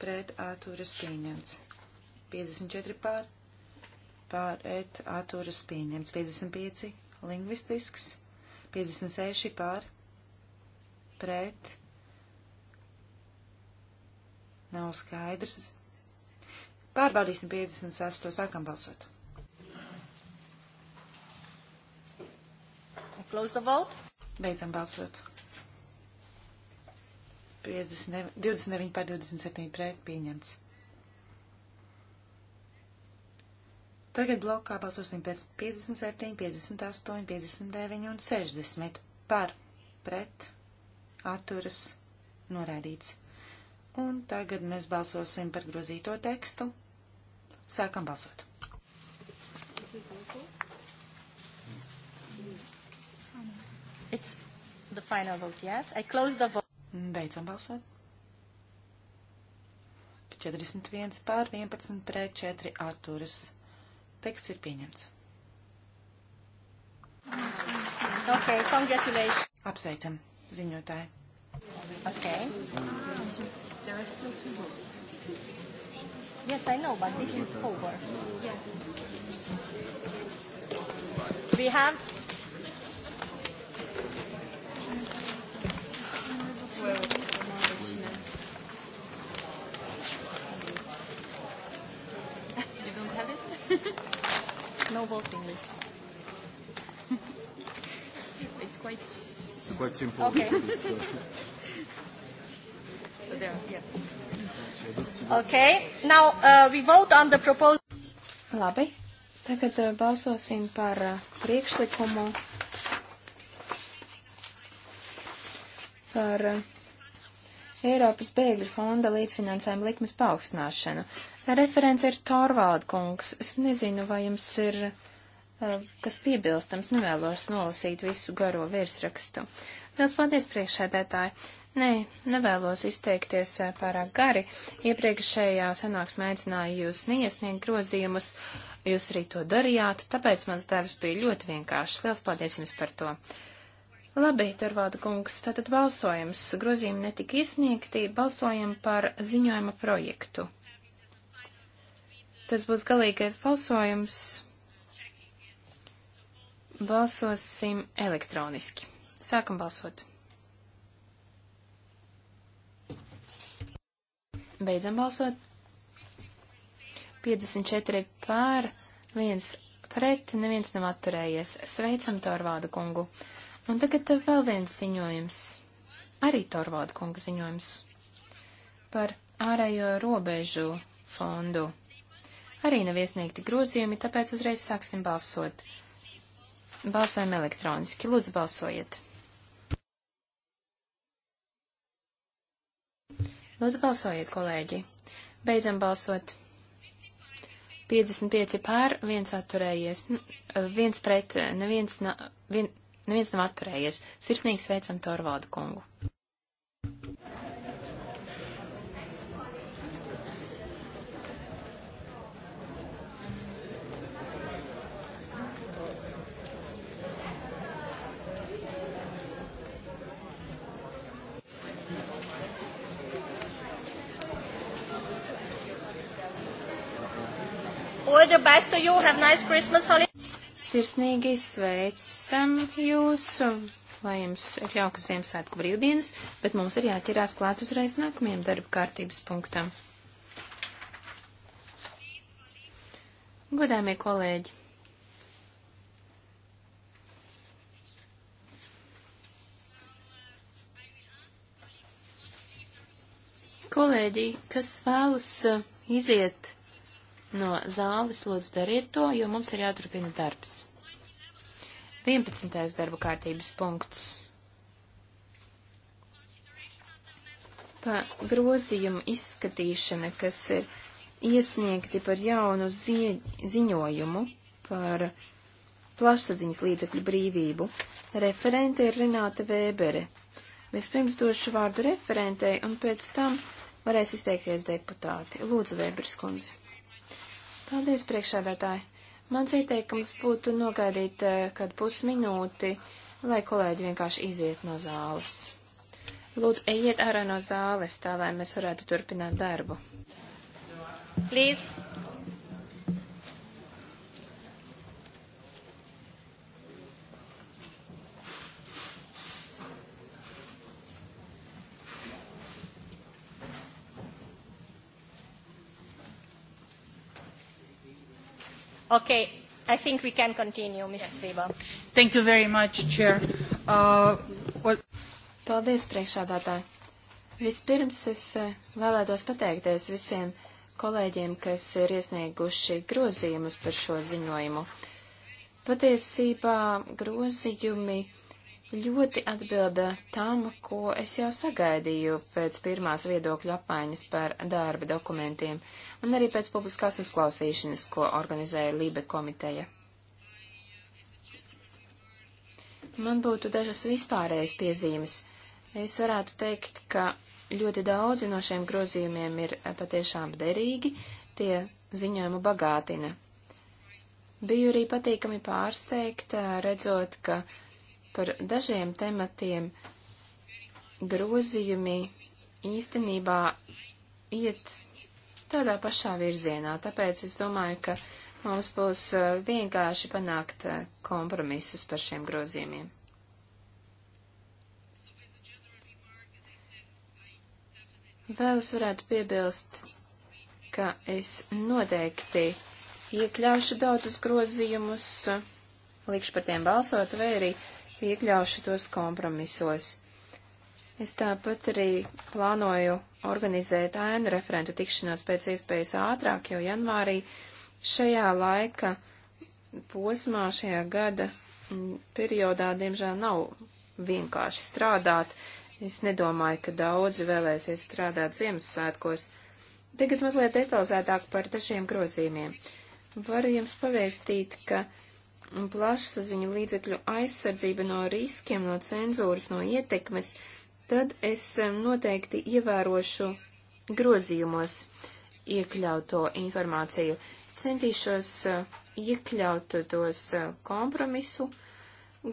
Speaker 3: pret atturas pieņemts. 54 pār pret atturas pieņemts. 55 lingvistisks. 56 pār pret. Nav skaidrs. Pārbaudīsim 56. Sākam balsot. I close the vote. Beidzam balsot. 59, 29 pār 27 pret pieņemts. Tagad blokā balsosim pēc 57, 58, 59 un 60 par pret atturas noraidīts. Un tagad mēs balsosim par grozīto tekstu. Sākam balsot. It's the final vote, yes. I close the vote. Beidzam balsot. 41 pār 11 pret 4 atturas. Teksts ir pieņemts. Okay, congratulations. Apsveicam ziņotāju.
Speaker 1: Okay. There are still two votes.
Speaker 2: Yes, I know, but this
Speaker 1: is over. Yeah.
Speaker 2: We have You
Speaker 3: don't have it?
Speaker 2: no voting list. it's quite. It's quite simple. Okay. [LAUGHS] [LAUGHS] there, yeah.
Speaker 1: Okay. Now uh, we vote on the proposal. Labi. Tagad uh, balsosim par uh, priekšlikumu par eh, Eiropas bēgļu fonda līdzfinansējuma likmes paaugstināšanu. Referents ir Torvalda kungs. Es nezinu, vai jums ir eh, kas piebilstams, nevēlos nolasīt visu garo virsrakstu. Liels paldies priekšēdētāji! Nē, nevēlos izteikties eh, pārāk gari. Iepriekšējā sanāksmē aicināju jūs neiesniegt grozījumus, jūs arī to darījāt, tāpēc mans darbs bija ļoti vienkāršs. Liels paldies jums par to! Labi, Torvalda kungs, tātad balsojums. Grozījumi netika izsniegti, balsojam par ziņojuma projektu. Tas būs galīgais balsojums. Balsosim elektroniski. Sākam balsot. Beidzam balsot. 54 pār, 1 pret, neviens nav atturējies. Sveicam Torvalda kungu. Un tagad uh, vēl viens ziņojums, arī Torvalda kunga ziņojums, par ārējo robežu fondu. Arī nav iesniegti grozījumi, tāpēc uzreiz sāksim balsot. Balsojam elektroniski. Lūdzu, balsojiet. Lūdzu, balsojiet, kolēģi. Beidzam balsot. 55 pār, viens atturējies, viens pret, neviens, na, vien, neviens nav atturējies. Sirsnīgi sveicam Torvaldu kungu. All the best to you. Have nice Christmas holiday. Sirsnīgi sveicam jūs, lai jums ir jauka Ziemassvētku brīvdienas, bet mums ir jāķerās klāt uzreiz nākamajam darba kārtības punktam. Godāmie kolēģi! Kolēģi, kas vēlas uh, iziet no zāles, lūdzu dariet to, jo mums ir jāturpina darbs. 11. darba kārtības punkts. Pa grozījumu izskatīšana, kas ir iesniegti par jaunu zie, ziņojumu par plašsaziņas līdzekļu brīvību. Referente ir Renāte Vēbere. Vispirms došu vārdu referentei, un pēc tam varēs izteikties deputāti. Lūdzu, Vēberis kundze. Paldies, priekšādātāji. Mans ieteikums būtu nogaidīt eh, kad pusminūti, lai kolēģi vienkārši iziet no zāles. Lūdzu, ejiet ārā no zāles, tā lai mēs varētu turpināt darbu. Please. Okay, I think we can continue, Mrs. Sība.
Speaker 2: Thank you very much, Chair.
Speaker 1: Uh, what... Paldies, priekšādātāji. Vispirms es eh, vēlētos pateikties visiem kolēģiem, kas ir iesnieguši grozījumus par šo ziņojumu. Patiesībā grozījumi ļoti atbilda tam, ko es jau sagaidīju pēc pirmās viedokļu apmaiņas par darba dokumentiem un arī pēc publiskās uzklausīšanas, ko organizēja Lībe komiteja. Man būtu dažas vispārējas piezīmes. Es varētu teikt, ka ļoti daudzi no šiem grozījumiem ir patiešām derīgi, tie ziņojumu bagātina. Biju arī patīkami pārsteigta, redzot, ka uh, par dažiem tematiem grozījumi īstenībā iet tādā pašā virzienā, tāpēc es domāju, ka mums būs uh, vienkārši panākt uh, kompromisus par šiem grozījumiem. Vēl es varētu piebilst, ka es noteikti iekļaušu daudzus grozījumus, likšu par tiem balsot, vai arī iekļaušu tos kompromisos. Es tāpat arī plānoju organizēt ēnu referentu tikšanos pēc iespējas ātrāk, jo janvārī šajā laika posmā, šajā gada periodā, diemžēl, nav vienkārši strādāt. Es nedomāju, ka daudzi vēlēsies strādāt Ziemassvētkos. Tagad mazliet detalizētāk par dažiem grozījumiem. Varu jums pavēstīt, ka plašsaziņu līdzekļu aizsardzība no riskiem, no cenzūras, no ietekmes, tad es noteikti ievērošu grozījumos iekļauto informāciju. Centīšos e, iekļaut tos e, kompromisu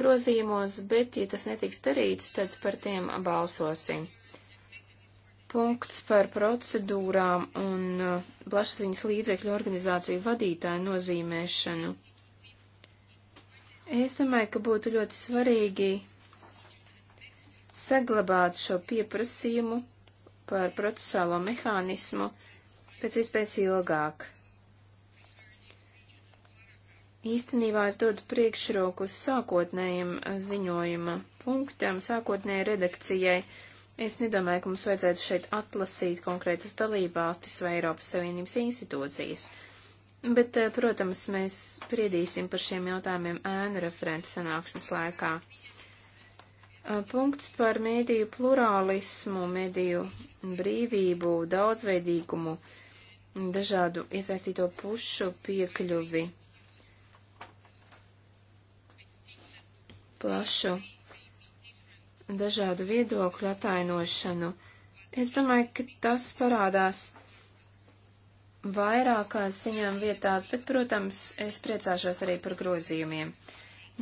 Speaker 1: grozījumos, bet, ja tas netiks darīts, tad par tiem balsosim. Punkts par procedūrām un e, plašsaziņas līdzekļu organizāciju vadītāju nozīmēšanu Es domāju, ka būtu ļoti svarīgi saglabāt šo pieprasījumu par procesālo mehānismu pēc iespējas ilgāk. Īstenībā es dodu priekšroku sākotnējiem ziņojuma punktam, sākotnējai redakcijai. Es nedomāju, ka mums vajadzētu šeit atlasīt konkrētas dalībvalstis vai Eiropas Savienības institūcijas. Bet, eh, protams, mēs priedīsim par šiem jautājumiem ēnu referentu sanāksmes laikā. Eh, punkts par mēdīju plurālismu, mēdīju brīvību, daudzveidīgumu, dažādu iesaistīto pušu piekļuvi, plašu dažādu viedokļu atainošanu. Es domāju, ka tas parādās vairākās ziņām vietās, bet, protams, es priecāšos arī par grozījumiem.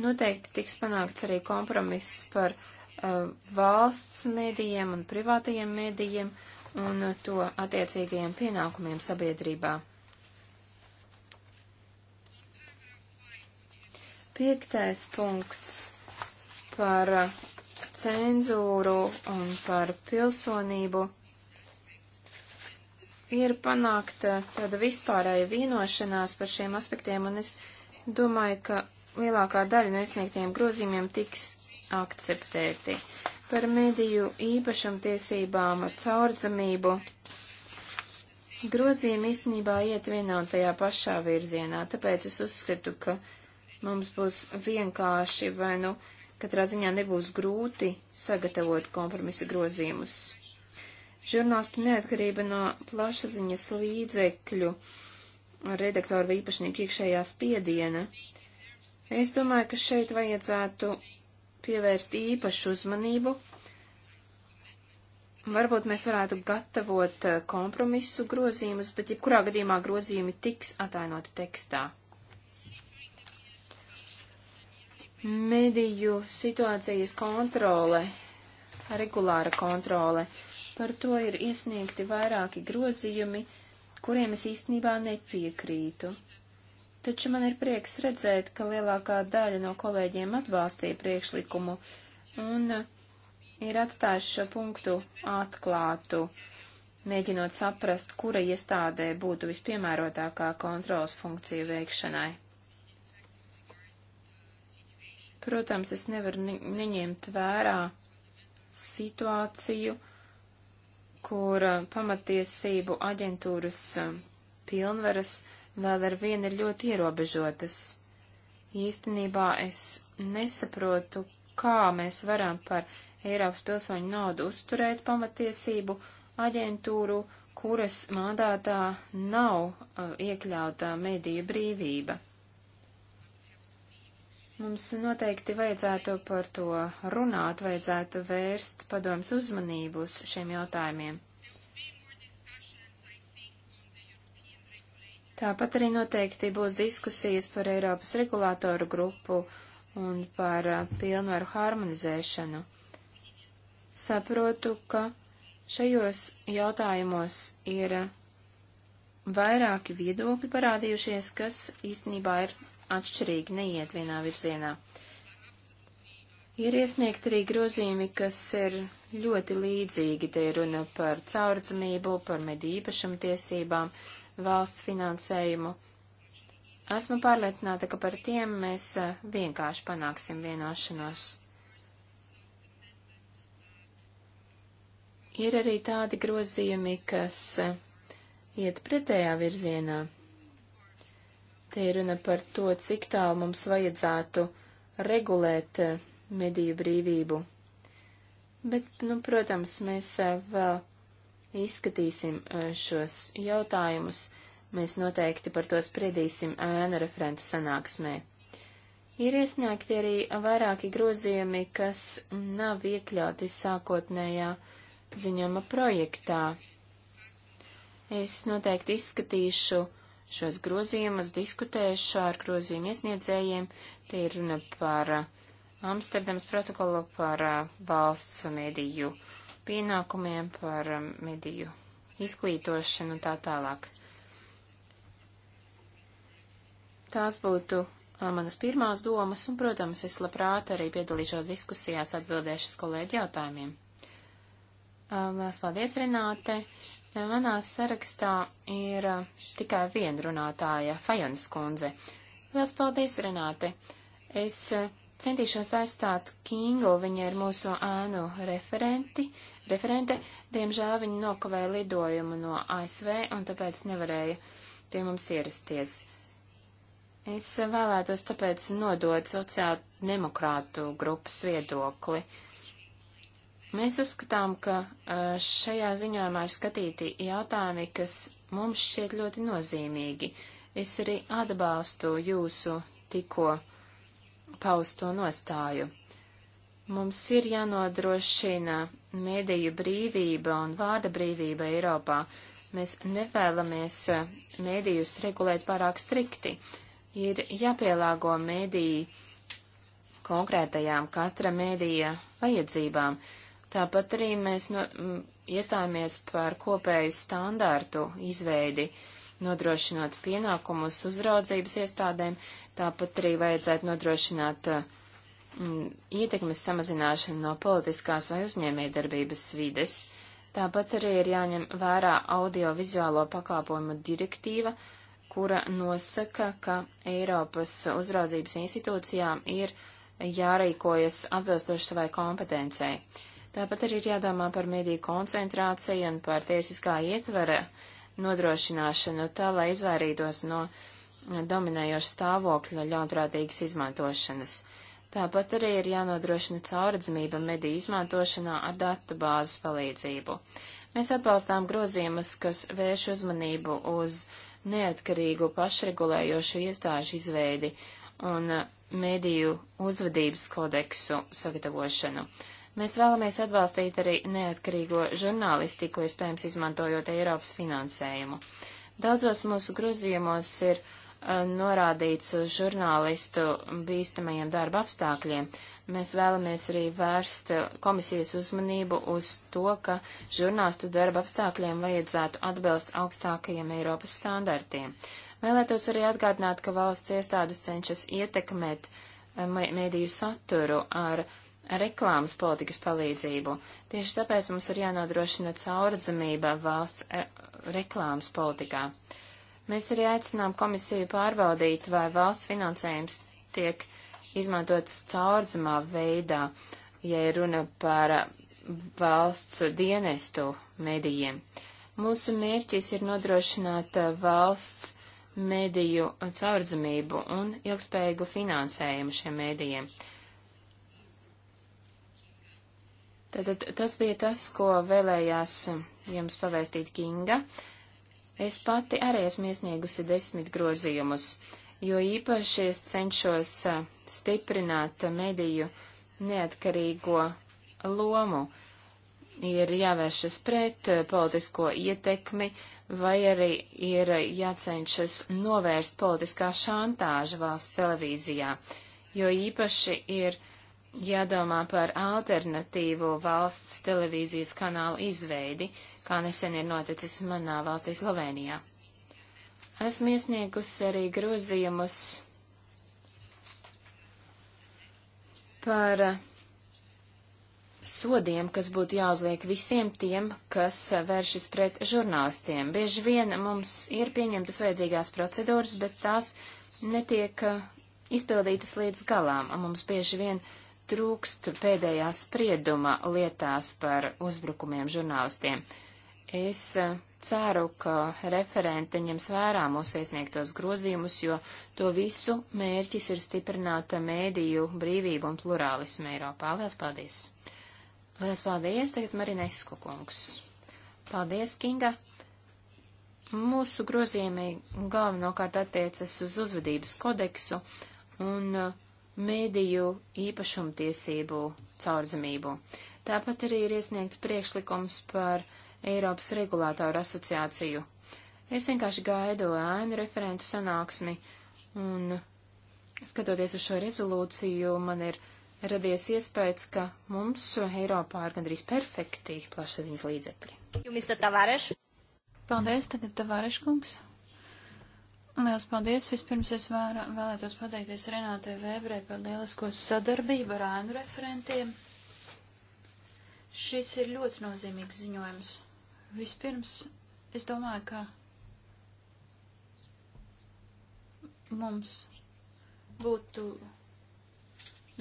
Speaker 1: Noteikti tiks panākts arī kompromiss par uh, valsts medijiem un privātajiem medijiem un uh, to attiecīgajiem pienākumiem sabiedrībā. Piektais punkts par uh, cenzūru un par pilsonību ir panākta eh, tāda vispārēja vienošanās par šiem aspektiem, un es domāju, ka lielākā daļa no iesniegtiem grozījumiem tiks akceptēti. Par mediju īpašumtiesībām, caurdzamību. Grozījumi īstenībā iet vienā un tajā pašā virzienā, tāpēc es uzskatu, ka mums būs vienkārši vai nu katrā ziņā nebūs grūti sagatavot kompromisa grozījumus žurnālistu neatkarība no plašsaziņas līdzekļu redaktoru vai īpašnieku iekšējā spiediena. Es domāju, ka šeit vajadzētu pievērst īpašu uzmanību. Varbūt mēs varētu gatavot eh, kompromisu grozījumus, bet jebkurā gadījumā grozījumi tiks atainoti tekstā. Mediju situācijas kontrole, regulāra kontrole. Uh, Par to ir iesniegti vairāki grozījumi, kuriem es īstenībā nepiekrītu. Taču man ir prieks redzēt, ka lielākā daļa no kolēģiem atbalstīja priekšlikumu un uh, ir atstājuši šo punktu atklātu, mēģinot saprast, kura iestādē būtu vispiemērotākā kontrolas funkcija veikšanai. Protams, es nevaru neņemt vērā situāciju, kur eh, pamatiesību aģentūras eh, pilnvaras vēl ar vienu ir ļoti ierobežotas. Īstenībā es nesaprotu, kā mēs varam par Eiropas pilsoņu naudu uzturēt pamatiesību aģentūru, kuras mandātā nav uh, eh, iekļautā mediju brīvība. Mums noteikti vajadzētu par to runāt, vajadzētu vērst padomus uzmanību uz šiem jautājumiem. Tāpat arī noteikti būs diskusijas par Eiropas regulātoru grupu un par uh, pilnvaru harmonizēšanu. Saprotu, ka šajos jautājumos ir vairāki viedokļi parādījušies, kas īstenībā ir atšķirīgi neiet vienā virzienā. Ir iesniegt arī grozījumi, kas ir ļoti līdzīgi. Te ir runa par caurdzamību, par mediju īpašumtiesībām, valsts finansējumu. Esmu pārliecināta, ka par tiem mēs eh, vienkārši panāksim vienošanos. Ir arī tādi grozījumi, kas eh, iet pretējā virzienā. Te ir runa par to, cik tālu mums vajadzētu regulēt eh, mediju brīvību. Bet, nu, protams, mēs eh, vēl izskatīsim eh, šos jautājumus. Mēs noteikti par to spriedīsim ēnu referentu sanāksmē. Ir iesniegti arī vairāki grozījumi, kas nav iekļauti sākotnējā ziņojuma projektā. Es noteikti izskatīšu šos grozījumus, diskutējuši ar grozījumu iesniedzējiem. Te ir runa par uh, Amsterdams protokolu, par uh, valsts mediju pienākumiem, par um, mediju izglītošanu un tā tālāk. Tās būtu uh, manas pirmās domas, un, protams, es labprāt arī piedalīšos diskusijās atbildēšu uz kolēģi jautājumiem. Lās paldies, Renāte. Manā sarakstā ir uh, tikai viena runātāja, Fajonas kundze. Liels paldies, Renāte! Es uh, centīšos aizstāt Kingu, viņa ir mūsu ēnu referenti, referente. Diemžēl viņa nokavēja lidojumu no ASV un tāpēc nevarēja pie mums ierasties. Es vēlētos tāpēc nodot sociāldemokrātu grupas viedokli. Mēs uzskatām, ka šajā ziņojumā ir skatīti jautājumi, kas mums šķiet ļoti nozīmīgi. Es arī atbalstu jūsu tikko pausto nostāju. Mums ir jānodrošina mēdīju brīvība un vārda brīvība Eiropā. Mēs nevēlamies mēdījus regulēt pārāk strikti. Ir jāpielāgo mēdīji konkrētajām katra mēdīja vajadzībām. Uh, Tāpat arī mēs no, m, iestājāmies par kopēju standārtu izveidi, nodrošinot pienākumus uzraudzības iestādēm, tāpat arī vajadzētu nodrošināt eh, m, ietekmes samazināšanu no politiskās vai uzņēmējdarbības vides. Tāpat arī ir jāņem vērā audiovizuālo pakāpojumu direktīva, kura nosaka, ka Eiropas uzraudzības institūcijām ir jārīkojas atbilstoši savai kompetencei. Uh, Tāpat arī ir jādomā par mediju koncentrāciju un par tiesiskā ietvara nodrošināšanu tā, lai izvairītos no dominējoša stāvokļa ļaunprātīgas izmantošanas. Tāpat arī ir jānodrošina caurredzamība mediju izmantošanā ar datu bāzes palīdzību. Mēs atbalstām grozījumus, kas vērš uzmanību uz neatkarīgu pašregulējošu iestāžu izveidi un mediju uzvedības kodeksu sagatavošanu. Uh, Mēs vēlamies atbalstīt arī neatkarīgo žurnālistiku, iespējams, izmantojot Eiropas finansējumu. Daudzos mūsu grozījumos ir uh, norādīts uz žurnālistu bīstamajiem darba apstākļiem. Mēs vēlamies arī vērst komisijas uzmanību uz to, ka žurnālistu darba apstākļiem vajadzētu atbilst augstākajiem Eiropas standartiem. Vēlētos arī atgādināt, ka valsts iestādes cenšas ietekmēt eh, mediju saturu ar reklāmas politikas palīdzību. Tieši tāpēc mums ir jānodrošina caurdzamība valsts re reklāmas politikā. Mēs arī aicinām komisiju pārbaudīt, vai valsts finansējums tiek izmantots caurdzamā veidā, ja ir runa par valsts dienestu medijiem. Mūsu mērķis ir nodrošināt valsts mediju caurdzamību un ilgspējīgu finansējumu šiem medijiem. Tātad tas bija tas, ko vēlējās jums pavēstīt Kinga. Es pati arī esmu iesniegusi desmit grozījumus, jo īpaši es cenšos stiprināt mediju neatkarīgo lomu ir jāvēršas pret politisko ietekmi, vai arī ir jācenšas novērst politiskā šantāža valsts televīzijā, jo īpaši ir jādomā par alternatīvo valsts televīzijas kanālu izveidi, kā nesen ir noticis manā valstī Slovenijā. Esmu iesniegusi arī grozījumus par sodiem, kas būtu jāuzliek visiem tiem, kas vēršas pret žurnālistiem. Bieži vien mums ir pieņemtas vajadzīgās procedūras, bet tās netiek eh, izpildītas līdz galām. Mums bieži vien uh, trūkst pēdējā sprieduma lietās par uzbrukumiem žurnālistiem. Es eh, ceru, ka referente ņems vērā mūsu iesniegtos grozījumus, jo to visu mērķis ir stiprināt mēdīju brīvību un plurālismu Eiropā. Lielas paldies! Lielas paldies! Tagad Marinesku kungs. Paldies, Kinga! Mūsu grozījumi galvenokārt attiecas uz uzvedības kodeksu un uh, mēdīju īpašumtiesību caurzemību. Tāpat arī ir iesniegts priekšlikums par Eiropas regulātoru asociāciju. Es vienkārši gaidu ēnu referentu sanāksmi, un skatoties uz šo rezolūciju, man ir radies iespējas, ka mums Eiropā ir gandrīz perfekti plašsaziņas līdzekļi. Jums ir tavāreš?
Speaker 2: Paldies, tagad tavāreš kungs. Lielas paldies! Vispirms es vēra, vēlētos pateikties Renātei Vēbrei par lielisko sadarbību ar ēnu referentiem. Šis ir ļoti nozīmīgs ziņojums. Vispirms es domāju, ka mums būtu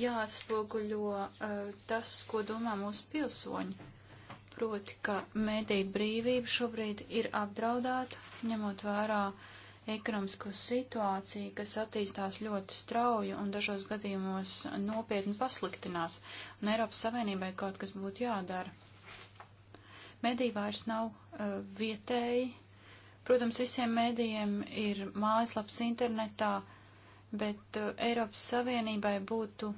Speaker 2: jāatspoguļo uh, tas, ko domā mūsu pilsoņi. Proti, ka mēdī brīvība šobrīd ir apdraudēta, ņemot vērā uh, ekonomisko situāciju, kas attīstās ļoti strauji un dažos gadījumos nopietni pasliktinās, un Eiropas Savienībai kaut kas būtu jādara. Mediji vairs nav uh, vietēji. Protams, visiem mēdījiem ir mājaslaps internetā, bet uh, Eiropas Savienībai būtu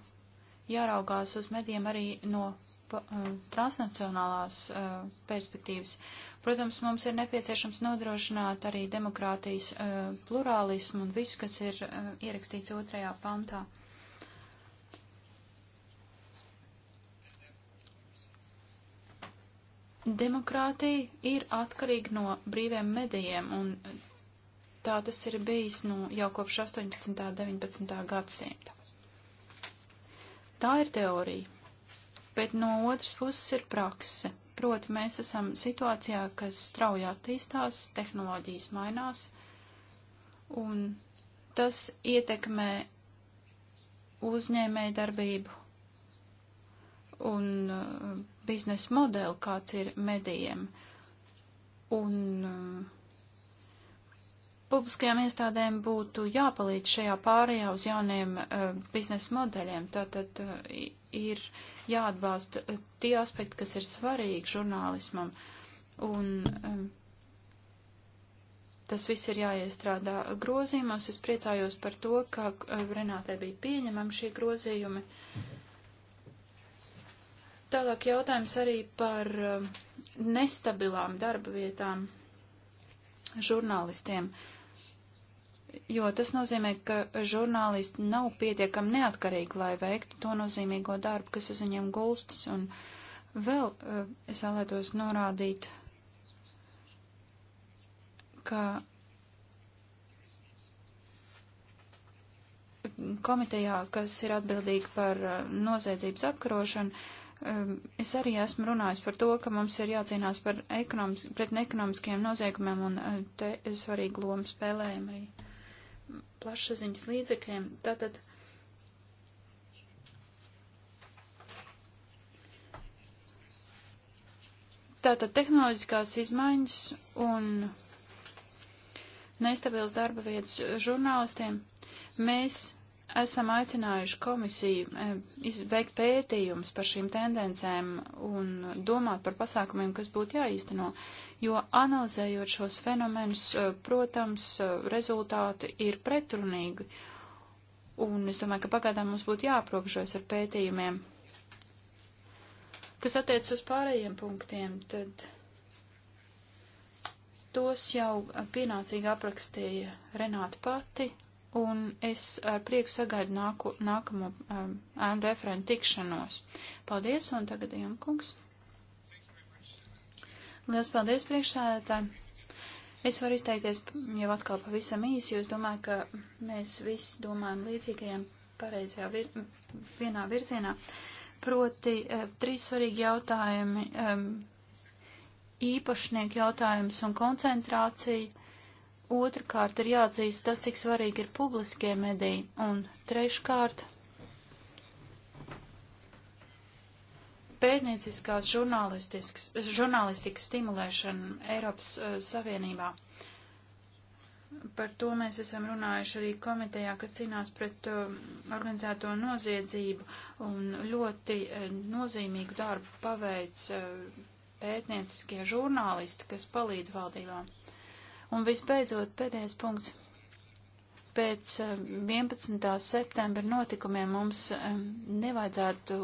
Speaker 2: jāraugās uz medijiem arī no eh, transnacionālās uh, perspektīvas. Protams, mums ir nepieciešams nodrošināt arī demokrātijas uh, plurālismu un visu, kas ir uh, ierakstīts otrajā pantā. Demokrātija ir atkarīga no brīviem medijiem, un tā tas ir bijis nu, jau kopš 18. un 19. gadsimta. Tā ir teorija. Bet no otras puses ir prakse. Proti, mēs esam situācijā, kas strauji attīstās, tehnoloģijas mainās, un tas ietekmē uzņēmēju darbību un uh, biznesa modeli, kāds ir medijiem. Un uh, publiskajām iestādēm būtu jāpalīdz šajā pārējā uz jauniem uh, biznesa modeļiem. Tātad uh, ir jāatbalsta uh, tie aspekti, kas ir svarīgi žurnālismam. Un um, tas viss ir jāiestrādā grozījumos. Es priecājos par to, ka uh, Renātē bija pieņemami šie grozījumi. Tālāk jautājums arī par uh, nestabilām darba vietām žurnālistiem. Uh, jo tas nozīmē, ka žurnālisti nav pietiekami neatkarīgi, lai veiktu to nozīmīgo darbu, kas uz viņiem gulstas. Un vēl eh, es vēlētos norādīt, ka komitejā, kas ir atbildīga par eh, noziedzības apkarošanu, eh, es arī esmu runājis par to, ka mums ir jācīnās par ekonomis, pret ekonomiskiem noziegumiem, un te svarīgu lomu spēlējam arī plašsaziņas līdzekļiem. Tātad Tātad tehnoloģiskās izmaiņas un nestabils darba vietas žurnālistiem mēs esam aicinājuši komisiju eh, izveikt pētījumus par šīm tendencēm un domāt par pasākumiem, kas būtu jāīsteno, jo analizējot šos fenomenus, eh, protams, eh, rezultāti ir pretrunīgi. Un es domāju, ka pagaidām mums būtu jāaprobežojas ar pētījumiem. Kas attiec uz pārējiem punktiem, tad tos jau pienācīgi aprakstīja Renāta pati, un es ar prieku sagaidu nāku, nākamo um, ēnu um, referentu tikšanos. Paldies, un tagad Jankungs. Liels paldies, priekšsēdētāji! Es varu izteikties jau atkal pavisam īsi, jo es domāju, ka mēs visi domājam līdzīgajam pareizajā vir vienā virzienā. Proti, e, trīs svarīgi jautājumi e, eh, - īpašnieku jautājums un koncentrācija, Otrakārt ir jāatzīst tas, cik svarīgi ir publiskie mediji. Un treškārt pētnieciskās žurnālistikas, žurnālistikas stimulēšana Eiropas uh, Savienībā. Par to mēs esam runājuši arī komitejā, kas cīnās pret uh, organizēto noziedzību un ļoti uh, nozīmīgu darbu paveic pētnieciskie žurnālisti, kas palīdz valdībām. Un visbeidzot, pēdējais punkts. Pēc 11. Eh, septembra notikumiem mums eh, nevajadzētu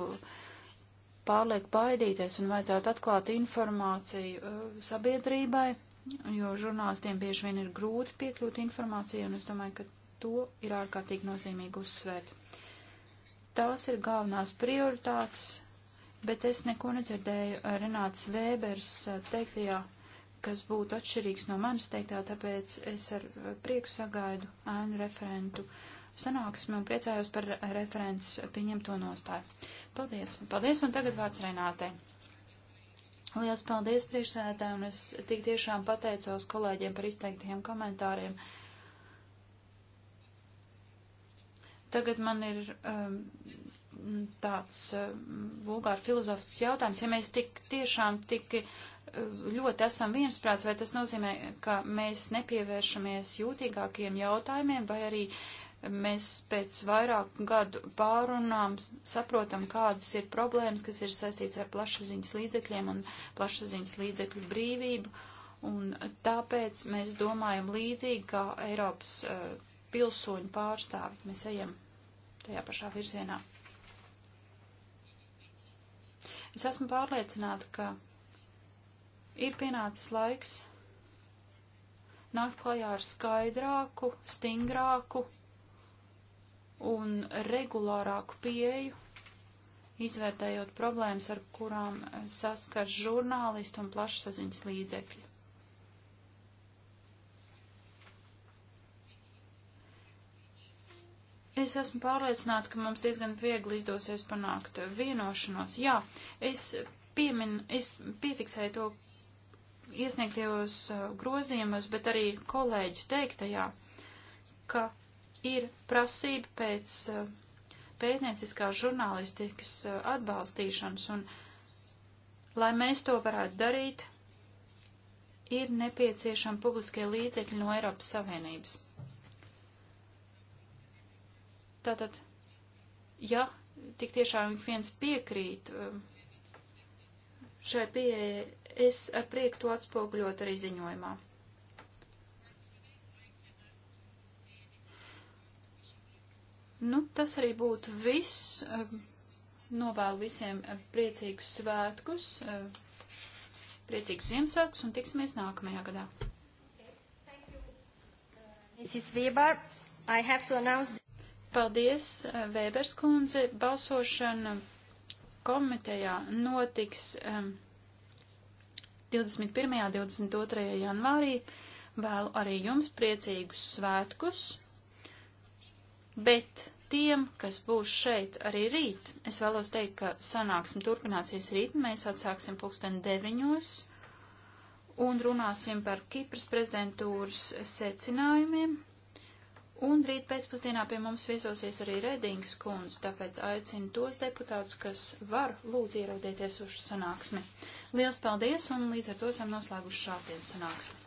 Speaker 2: pārliek baidīties un vajadzētu atklāt informāciju eh, sabiedrībai, jo žurnālistiem bieži vien ir grūti piekļūt informācijai, un es domāju, ka to ir ārkārtīgi nozīmīgi uzsvērt. Tās ir galvenās prioritātes, bet es neko nedzirdēju Renāts Vēbers teiktajā. Ja kas būtu atšķirīgs no manis teiktā, tāpēc es ar prieku sagaidu ēnu referentu sanāksmi un priecājos par referents pieņemto nostāju. Paldies! Paldies, un tagad vārds Renātei. Liels paldies priekšsēdētājiem, un es tik tiešām pateicos kolēģiem par izteiktiem komentāriem. Tagad man ir um, tāds um, vulgāri filozofisks jautājums. Ja mēs tik tiešām tik ļoti esam viensprāts, vai tas nozīmē, ka mēs nepievēršamies jūtīgākiem jautājumiem, vai arī mēs pēc vairāku gadu pārunām saprotam, kādas ir problēmas, kas ir saistīts ar plašsaziņas līdzekļiem un plašsaziņas līdzekļu brīvību. Un tāpēc mēs domājam līdzīgi, kā Eiropas uh, pilsoņu pārstāvi. Mēs ejam tajā pašā virzienā. Es esmu pārliecināta, ka ir pienācis laiks nākt klajā ar skaidrāku, stingrāku un regulārāku pieeju, izvērtējot problēmas, ar kurām saskars žurnālisti un plašsaziņas līdzekļi. Es esmu pārliecināta, ka mums diezgan viegli izdosies panākt vienošanos. Jā, es, piemin, es piefiksēju to, iesniegtajos uh, grozījumos, bet arī kolēģu teiktajā, ka ir prasība pēc uh, pētnieciskās žurnālistikas uh, atbalstīšanas, un lai mēs to varētu darīt, ir nepieciešama publiskie līdzekļi no Eiropas Savienības. Tātad, ja tik tiešām ik viens piekrīt šai pieeja Es ar prieku to atspoguļot arī ziņojumā. Nu, tas arī būtu viss. Ehm, novēlu visiem eh, priecīgus svētkus, eh, priecīgus Ziemassvētkus un tiksimies nākamajā gadā. Mrs. Weber, I have to announce. Paldies, Vēbers eh, kundze. Balsošana komitejā notiks. Um, 21. un 22. janvārī. Vēlu arī jums priecīgus svētkus, bet tiem, kas būs šeit arī rīt, es vēlos teikt, ka sanāksim turpināsies rīt, mēs atsāksim pulksten deviņos un runāsim par Kipras prezidentūras secinājumiem, Un rīt pēcpusdienā pie mums viesosies arī Redingas kundze, tāpēc aicinu tos deputātus, kas var lūdzu ierodieties uz sanāksmi. Liels paldies, un līdz ar to esam noslēguši šās dienas sanāksmi.